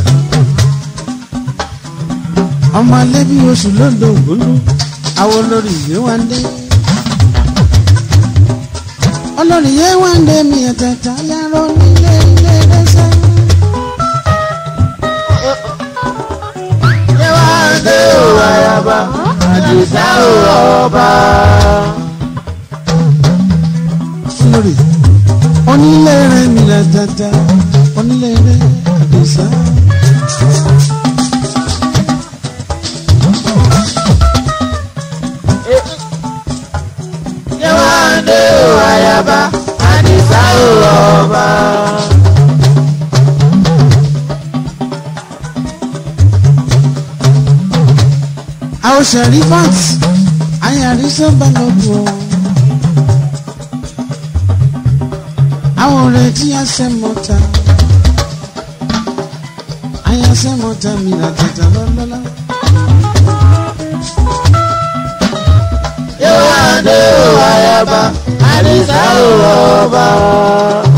Speaker 1: ọmọ alẹ́bí oṣù lọ́dọ̀ ògbólú awo lórí ìwé wa ń dé. olórí yé wa ń dé mi ẹ̀tẹ̀ẹ̀tẹ̀ ayáró nílé ilé lẹ́sẹ̀. yé wa ń dé o ayaba àdìsá o ọba. olórí dáadáa onílé rẹ̀ àdìsá. Yéwándé o àyàbá àdìsá o ọba. Àwọn ṣẹ̀rí fat, àyàrí sábà lọ́gbọ̀ọ́. already asemota ayasemota mina tata lọlọlọ. yóò wá dé o ayaba àdìsá ò lọ bá ọ.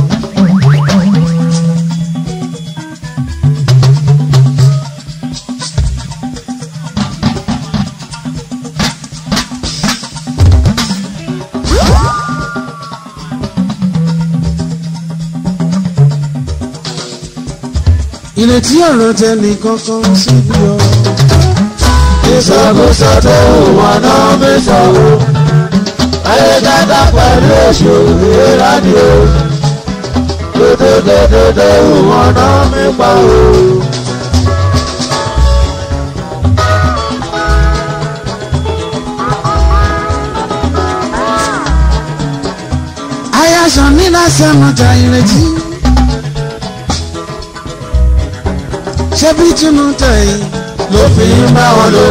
Speaker 1: tí ọ̀rọ̀ tẹnì kankan síbi ọ. ìṣàkóso tó wà náà mi sọ̀rọ̀ ayé dáadáa pẹ̀lú èṣù ìrádìó dódódódódó wọn náà mi pa o. ayé aṣọ nílá sẹ́mu jà ìrètí. ṣé bí tinú tẹ̀yìn ló fi ń bá wọn lò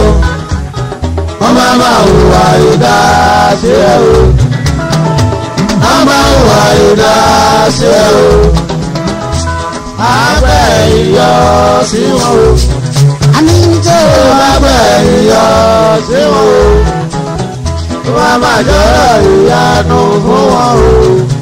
Speaker 1: wọ́n máa máa hùwà ìdá sí ẹ o wọ́n máa hùwà ìdá sí ẹ o abẹ́ ìyọ sí wọn o àní tẹ́ o abẹ́ ìyọ sí wọn o wọ́n máa jọ̀rọ̀ ìyanu fún wọn o.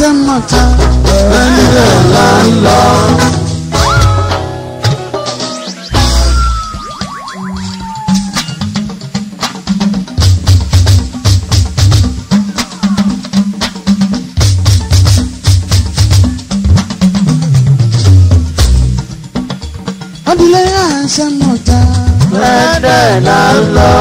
Speaker 1: ṣe mọ̀ta ọ̀rẹ́ nílẹ̀ là ń lọ. ọdún lẹ́yìn àṣẹ mọ̀ta ọ̀rẹ́ nílẹ̀ là ń lọ.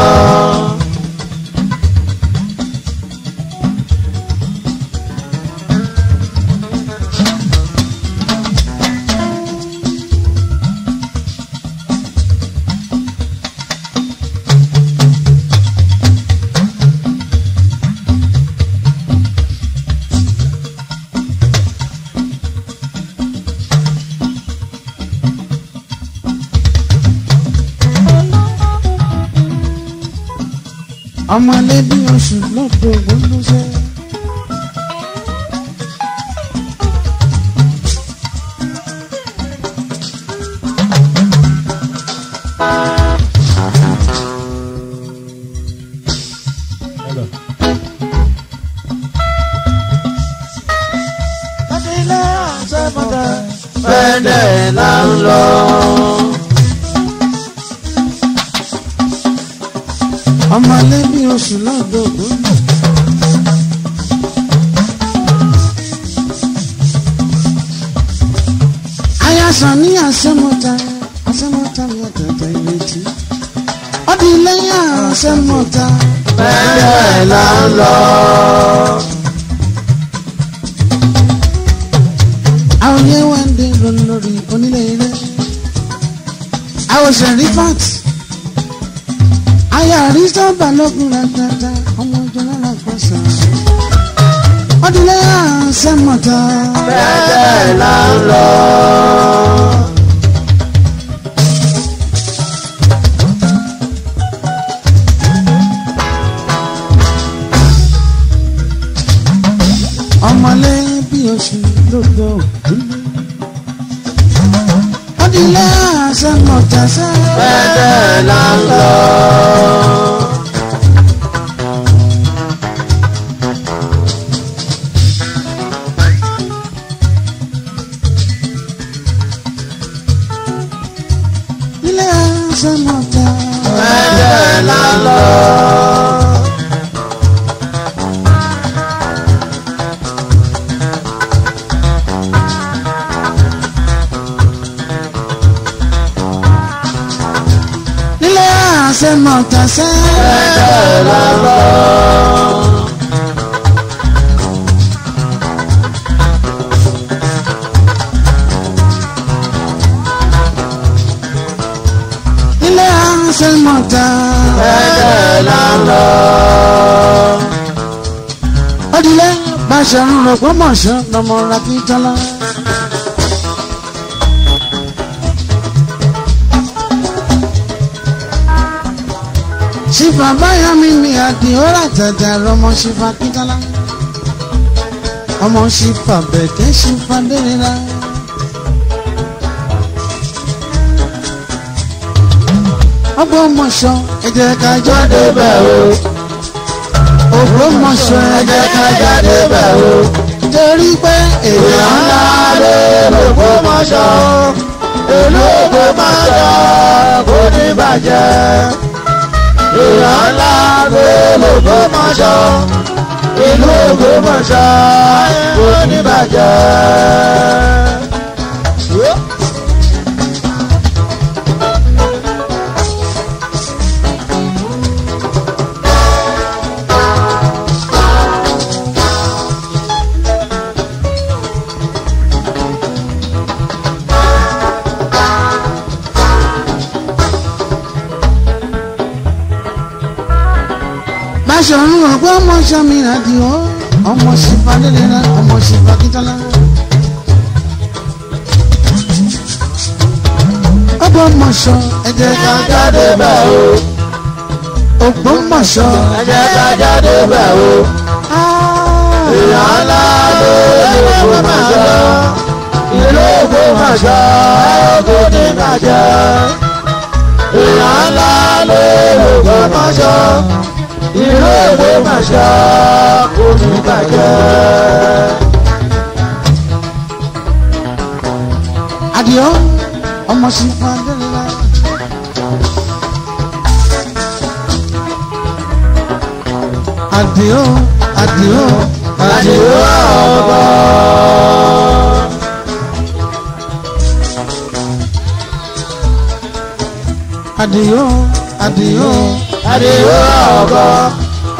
Speaker 1: ọ̀sán lọmọ Akíntọ́lá. sífà báyọ̀ mi ni àdìhórà tẹ̀tẹ̀ rọmọ sífà Akíntọ́lá. ọmọ sífà bẹ̀tẹ̀ sífà dẹ́rẹ́ra. Ògbómọ̀ṣọ́ ẹ jẹ́ ká jáde bẹ̀ o. Ògbómọ̀ṣọ́ ẹ jẹ́ ká jáde bẹ̀ o nítorí pé èèyàn ńlá lè lògbó mọ́ṣọ́ èlògbó mọ́ṣọ́ kò ní bàjẹ́ èèyàn ńlá lè lògbó mọ́ṣọ́ èlògbó mọ́ṣọ́ kò ní bàjẹ́. ṣàánú àgbà ọmọ ṣàmìnà dìọ́ ọmọ ṣìfà lélẹ́lá ọmọ ṣìfà kìtàlá. Ògbómọ̀ṣọ́ ẹ jẹ́ ká jáde bá o. Ògbómọ̀ṣọ́ ẹ jẹ́ ká jáde bá o. ìyá ńlá ló lè kó máa lọ ìlú Ògbómọ̀ṣọ́ ẹ̀kú ní màjọ. ìyá ńlá ló lè kó máa lọ ìwé ìwé màṣá kò ní bàjẹ́. Adio ọmọ sí fàdúrà. Adio Adio Adio ọba. Adio Adio àdìwó ọ̀bọ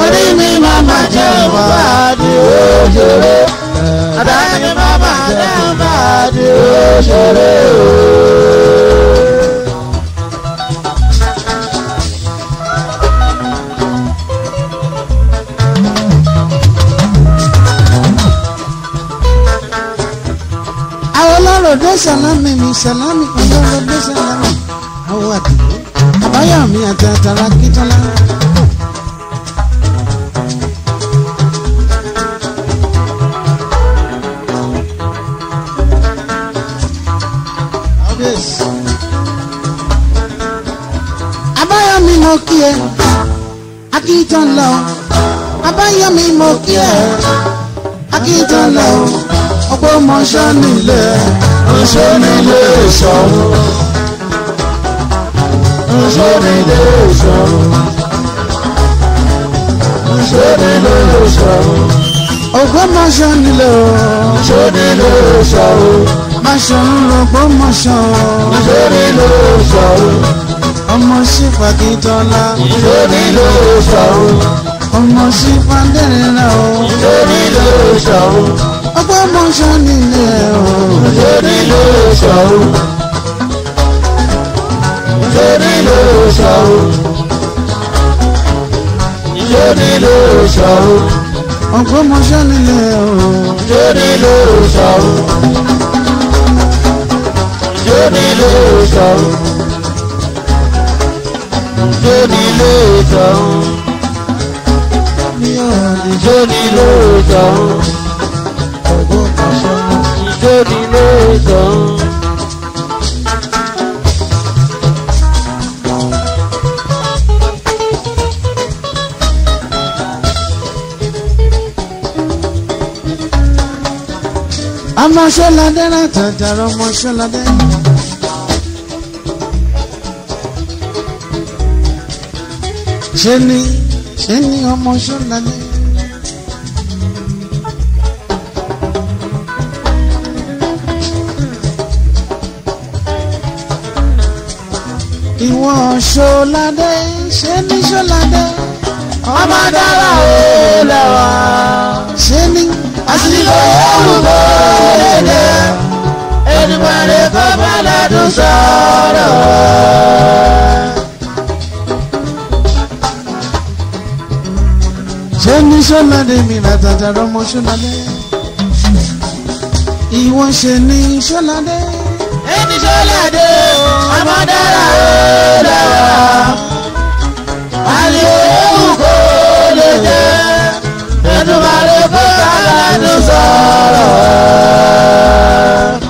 Speaker 1: orí mi máa ma jẹ́ ọ̀bọ àdìwó òṣèré àdáyé mi máa ma jẹ́ ọ̀bọ àdìwó òṣèré o. sanami mi sanami ọlọ́run gbèsè mi àti àtàrà kítọ́lá. abáyọ̀mí mo kí ẹ akíntàn lọ abáyọ̀mí mo kí ẹ akíntàn lọ ọgbọ́n mọ́ṣọ́ nílé mọ́ṣọ́ ìṣòro generation. Generation. Ògbó máa ṣan nílẹ̀ o. Generation. Máa ṣan ń lọ gbó máa ṣan o. Generation. Ọmọ sí Fàgídọ́lá. Generation. Ọmọ sí Fàdérínà o. Generation. Ògbó máa ṣan nílẹ̀ o. Generation lórí ló ṣá o lórí ló ṣá o ọgbọ́mọṣẹ́ nílẹ̀ o lórí ló ṣá o lórí ló ṣá o lórí ló ṣá o lórí ló ṣá o ọgbọ́mọṣẹ́ nílẹ̀ o lórí ló ṣá o. amáṣẹ́ládé látàjàrọ̀ ọmọṣẹ́ládé. ṣe ni ṣe ni ọmọṣẹ́ládé. ìwọ ṣọládé ṣe ni ṣọládé ọmọ dára ó lẹ́wà ṣe ni àsìkò olùkọ́ èdè Èdùmàrè kọ́ bàlàdùn sọ̀rọ̀. sẹ́ni sọ́ládé mi làtàtàrọ́ mọ́ sọ́ládé ìwọ ṣe ní sọ́ládé. ẹni sọ́ládé ọmọdára ó dára. aliyo ẹnu máa lè fún kálá ẹnu sọ̀rọ̀.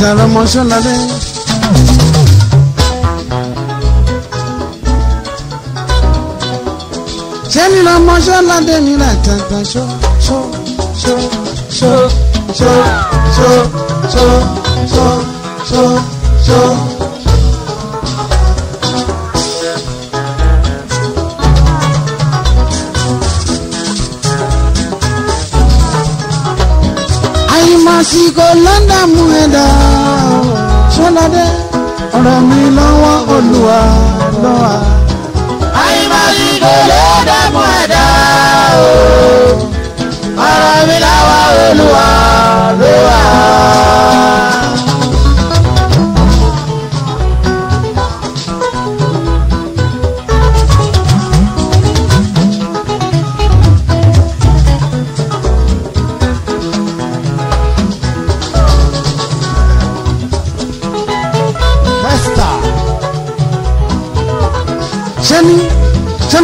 Speaker 1: àjàrà ọmọ Ṣọ́ládé. ṣé nílò ọmọ Ṣọ́ládé nílò àtàtà ṣó ṣó ṣó ṣó ṣó ṣó ṣó ṣó ṣó ṣó. àyìnbó àsìkò London mú ràn mí lọ́wọ́ olúwa lọ́wọ́. ayé máa ti gbọ́lé dàmú ẹ̀dá o ọ̀rọ̀ mi láwa olúwa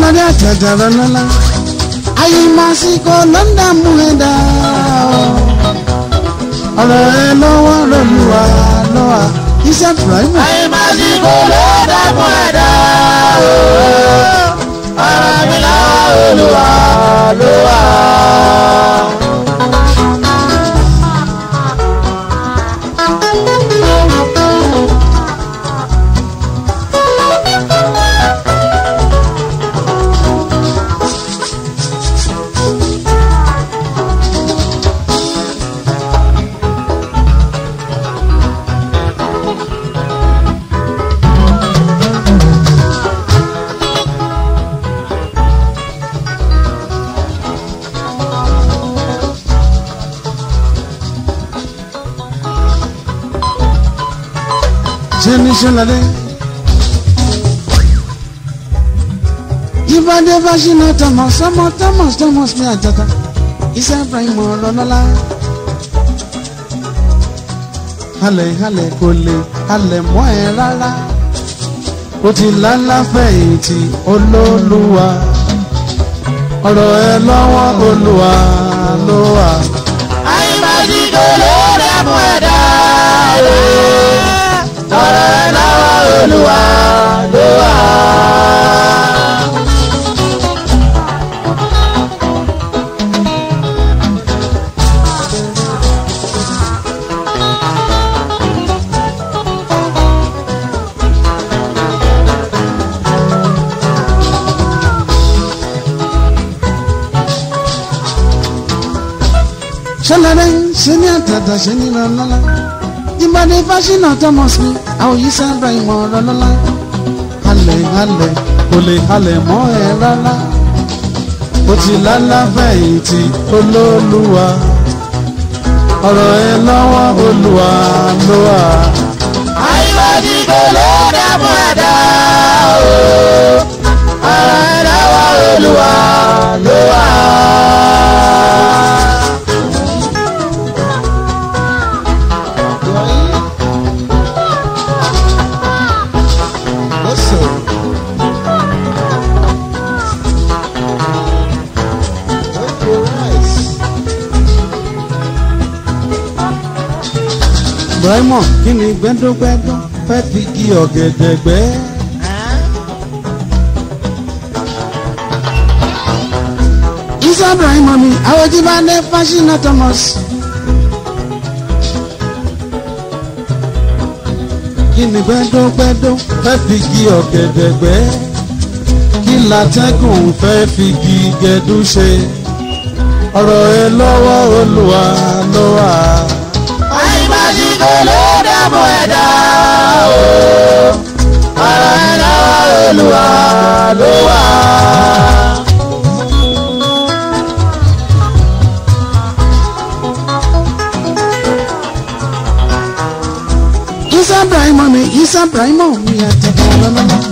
Speaker 1: ọmọdé àjàjàrà lọ́la ayé máa sì kọ́ lọ́ńdà mú ẹ dá ọ̀rọ̀ ẹ lọ́wọ́ lọ́lùwà lọ́wà iṣẹ́ fúláìmù. ayé máa sì kọ́ lọ́ńdà mú ẹ ọ̀rọ̀ mi lọ́wọ́ lọ́wà lọ́wà. ṣe níṣẹ́ lọ́dẹ́. ìbàdí bá ṣínà thomas ọmọ thomas thomas ní àjàtà iṣẹ́ ibrahim ọlọ́lọ́lá. halẹ̀ halẹ̀ kò lè halẹ̀ mọ́ ẹ rárá ó ti lálá fẹ̀yìntì olóluwa ọ̀rọ̀ ẹ lọ́wọ́ olúwa ló wà. àyìnbá ti kò ọ̀rọ̀ náà olúwa ló wà. Shalala, shini atata, shini nanala ìbàdí fásinà thomas mi àwòyí sábà ìmọ̀ ọ̀rọ̀ lọ́la halẹ̀ halẹ̀ kò lè halẹ̀ mọ́ ẹ eh, rárá ó ti lálàfẹ̀yìntì olóòlùwà ọ̀rọ̀ ẹ lọ́wọ́ olùwà ló wà. àyíwájú gbọ́dọ̀ dàbọ̀ ẹ̀dá o ọ̀rọ̀ ẹ lọ́wọ́ olùwà ló wà. Ibrahima kí ni gbẹ́ndógbẹ́ndó fi gi ọ̀gẹ̀dẹ̀ gbẹ́. Isa Ibrahima mi Awojibade Fashina Thomas. Kí ni gbẹ́ndógbẹ́ndó fẹ́ fi gi ọ̀gẹ̀dẹ̀ gbẹ́. Kí látẹ́gùn fẹ́ fi gi gẹ̀dú ṣe. Ọ̀rọ̀ ẹ lọ́wọ́ Olúwa ló wà ló dààmú ẹ̀dá o ara ẹ̀dá Olúwa ló wà. Isa Brahimo mi Isa Brahimo mi àtẹ̀kọ́ lọ́lọ́lọ́.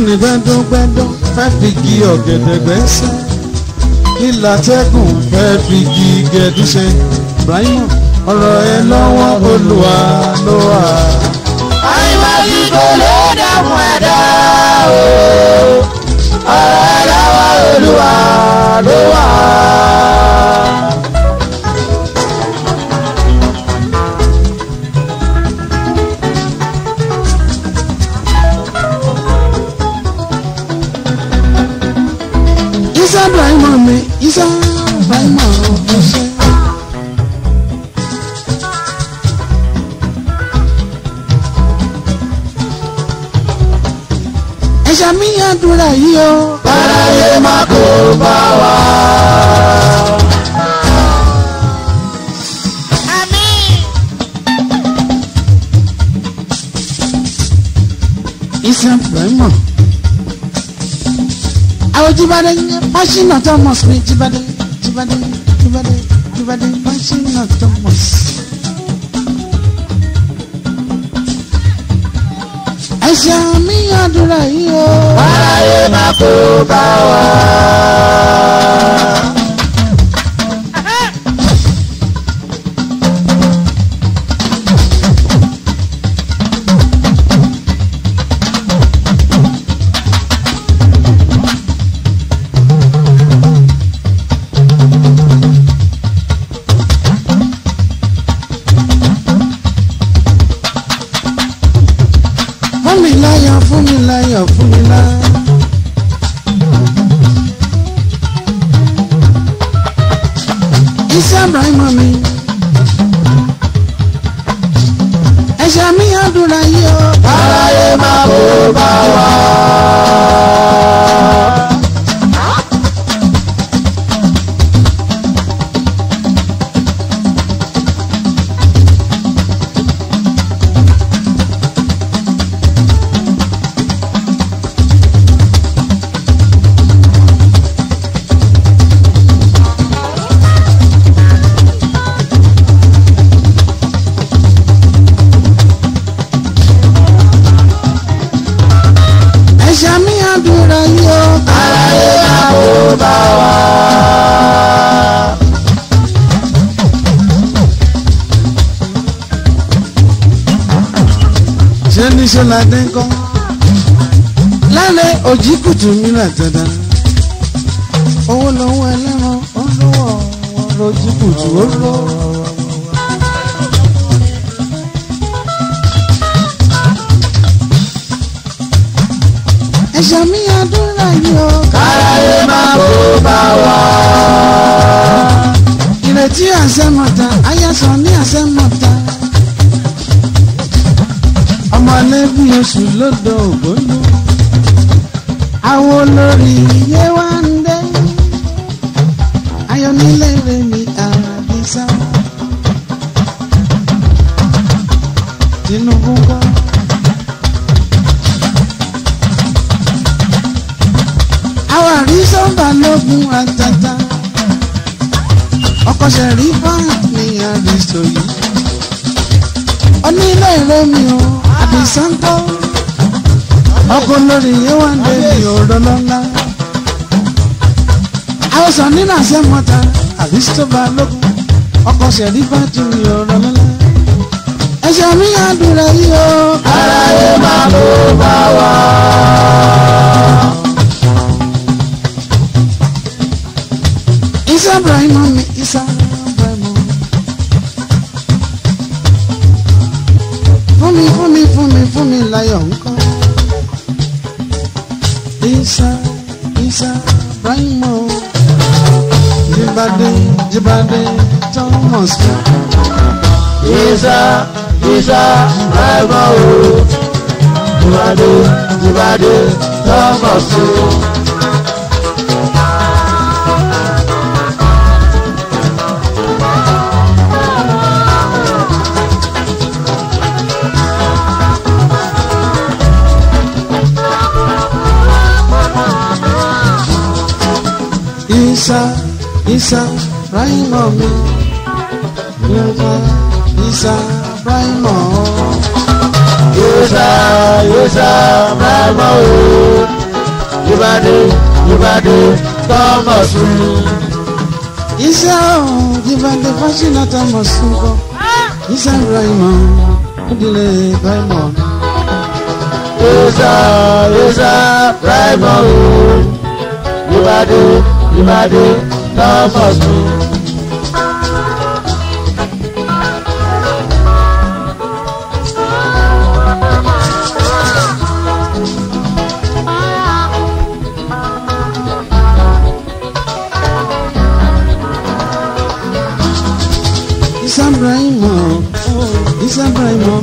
Speaker 1: kíni gbẹ́dọ́gbẹ́dọ́ fẹ́ fi gi ọ̀gẹ̀dẹ̀ gbẹ́sẹ̀ ìlà tẹ́gùn fẹ́ fi gi gẹ̀dúṣẹ́ Ibrahim ọ̀rọ̀ ẹ lọ́wọ́ Olúwa ló wà. àìmọ̀ ìgò ló ẹ̀dá o ọ̀rọ̀ ẹ lọ́wọ́ Olúwa ló isa ibrahima mi isa ibrahima ọ̀fẹ́. ẹ̀ṣẹ̀ mi àdúrà yìí o. báyé má kó bá wa. isa ibrahima àwọn jíbádé pásínà thomas ní jíbádé jíbádé jíbádé jíbádé pásínà thomas. ẹ̀ṣẹ̀ mi àdúrà yìí o. báyé máa kó bá wa. mọ̀lẹ́bí oṣù lọ́dọ̀ ògbóná àwọn olórí yé wá ń dé ayọ̀nílé rẹ̀ mi àràbísà Tinubu ń kọ́. àwọn àrísọ́mbà lógún àtàtà ọkọ̀ ṣẹ̀rí fáàmì àrísọ yìí onílé rẹ̀ mi ò àdìsáńtọ́ ọkọ̀ lórí yẹn wà ní èyí ọ̀rọ̀ àwòsàn nínú àṣẹ mọ́ta àbísítọ́ba lókun ọkọ̀ ṣẹ̀rí bá ti ní ọ̀rọ̀ lọ́la. mi àdúrà yìí o. ara yẹn máa ló bá wa. isa Ibrahim mi isa. fún mi láyọ̀ ńkọ́. Isa Isa Braimo Jibade Jibade Thomas. Isa Isa Braimo Jibade Jibade Thomas. isa isa ráìmọ̀ mi isa, ò mọ isa ráìmọ̀ isa isa ráìmọ̀ o ìbàdí ìbàdí tọ́mọ̀ sùn. isa o ìbàdí fásinà tọ́mọ̀ sùn kọ́ isa ráìmọ̀ ìdílé ráìmọ̀ mi. Isa, Isa, Primal, Ìbàdàn, ti máa dé lámọ̀sùn. Isa Brahimo, Isa Brahimo,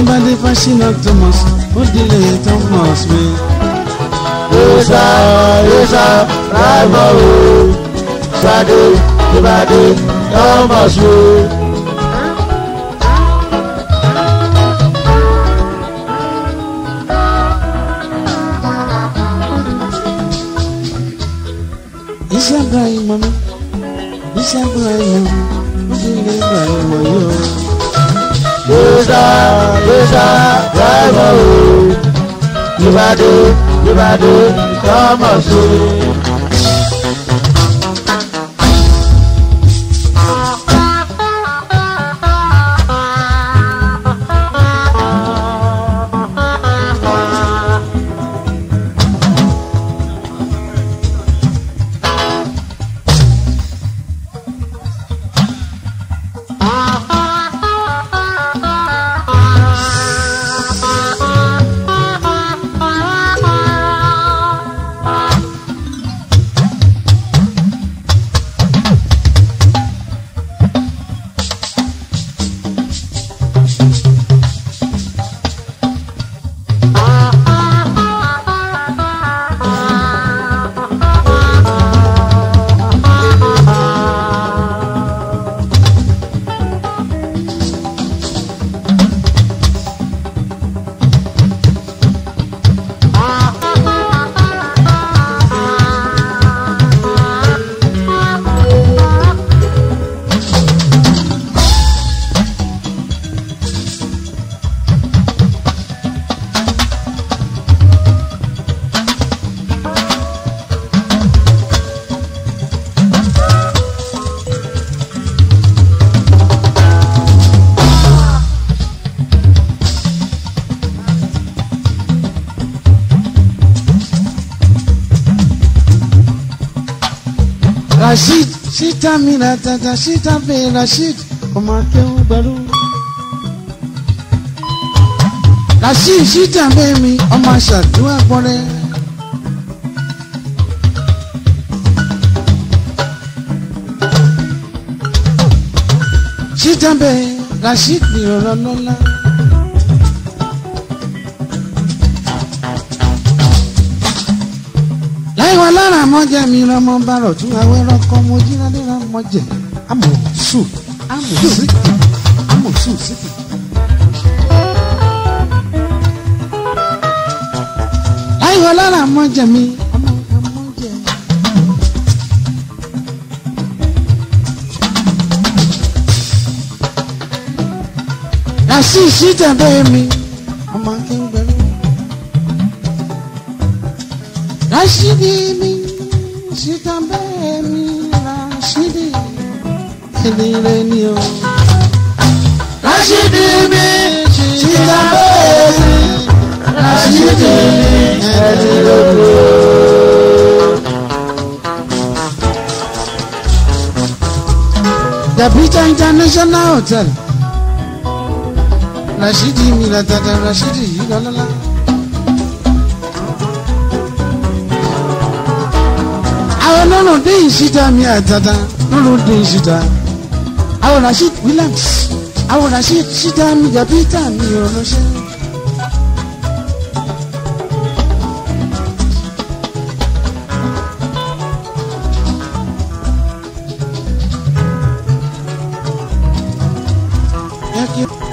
Speaker 1: Ibade Fashion Optimus, ó dilé Thomas May. Musa Musa láìmọ̀ sadu, Sade Ìbàdí lọ́mọ̀ sùn. Iṣẹ́ àgbà ló bá dé ló bá dé tọ́mọ̀ sóò. Samira tata shita be Rashid ọmọ akẹ́wọ̀n gbẹ̀rú. Rashid shita be mi ọmọ aṣàdúrà gbọ́rẹ́. Shita be Rashid mi ọ̀rọ̀ lọ́la. wa lára mọ́jẹ́ mi rọmọ bárọ̀ tún awẹ́rọ́ kọ́ mo jí ládéra mọ́jẹ́ àmọ̀ sùn àmọ̀ síkì àmọ̀ sùn síkì. láìwọ lára mọ́jẹ́ mi ọmọ mọ́jẹ́. ràṣí ìṣí tẹ̀bẹ́ mi ọmọ kẹ́. Rashidi mi, sitambe mi, Rashidi, ẹni rẹ ni o. Rashidi mi, sitambe mi, Rashidi, ẹni rẹ ni o. The International Hotel, Rashidi mi, la la Rashidi yìí la. awo nono dey shida mi adada nono dey shida awo rasheed williams awo rasheed shida mi jabita mi olose.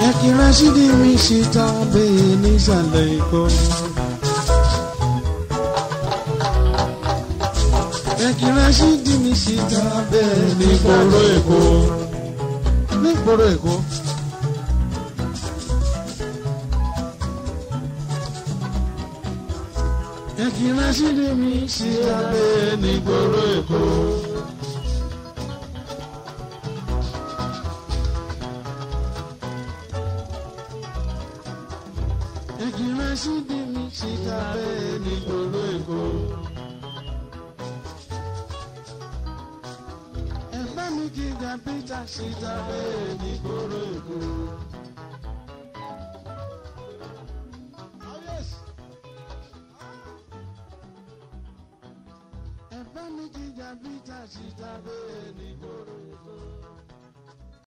Speaker 1: yàkì rasheed mi ṣe tábẹ́ nísàlẹ̀ ikọ́. Rashidi ní síta bẹ́ẹ̀ nígboro Èkó nígboro Èkó. Ẹ̀kí Rashidi mi síta bẹ́ẹ̀ nígboro Èkó. sísáré nígboro èkó. ẹ bá mi jíjà bíjà sísáré.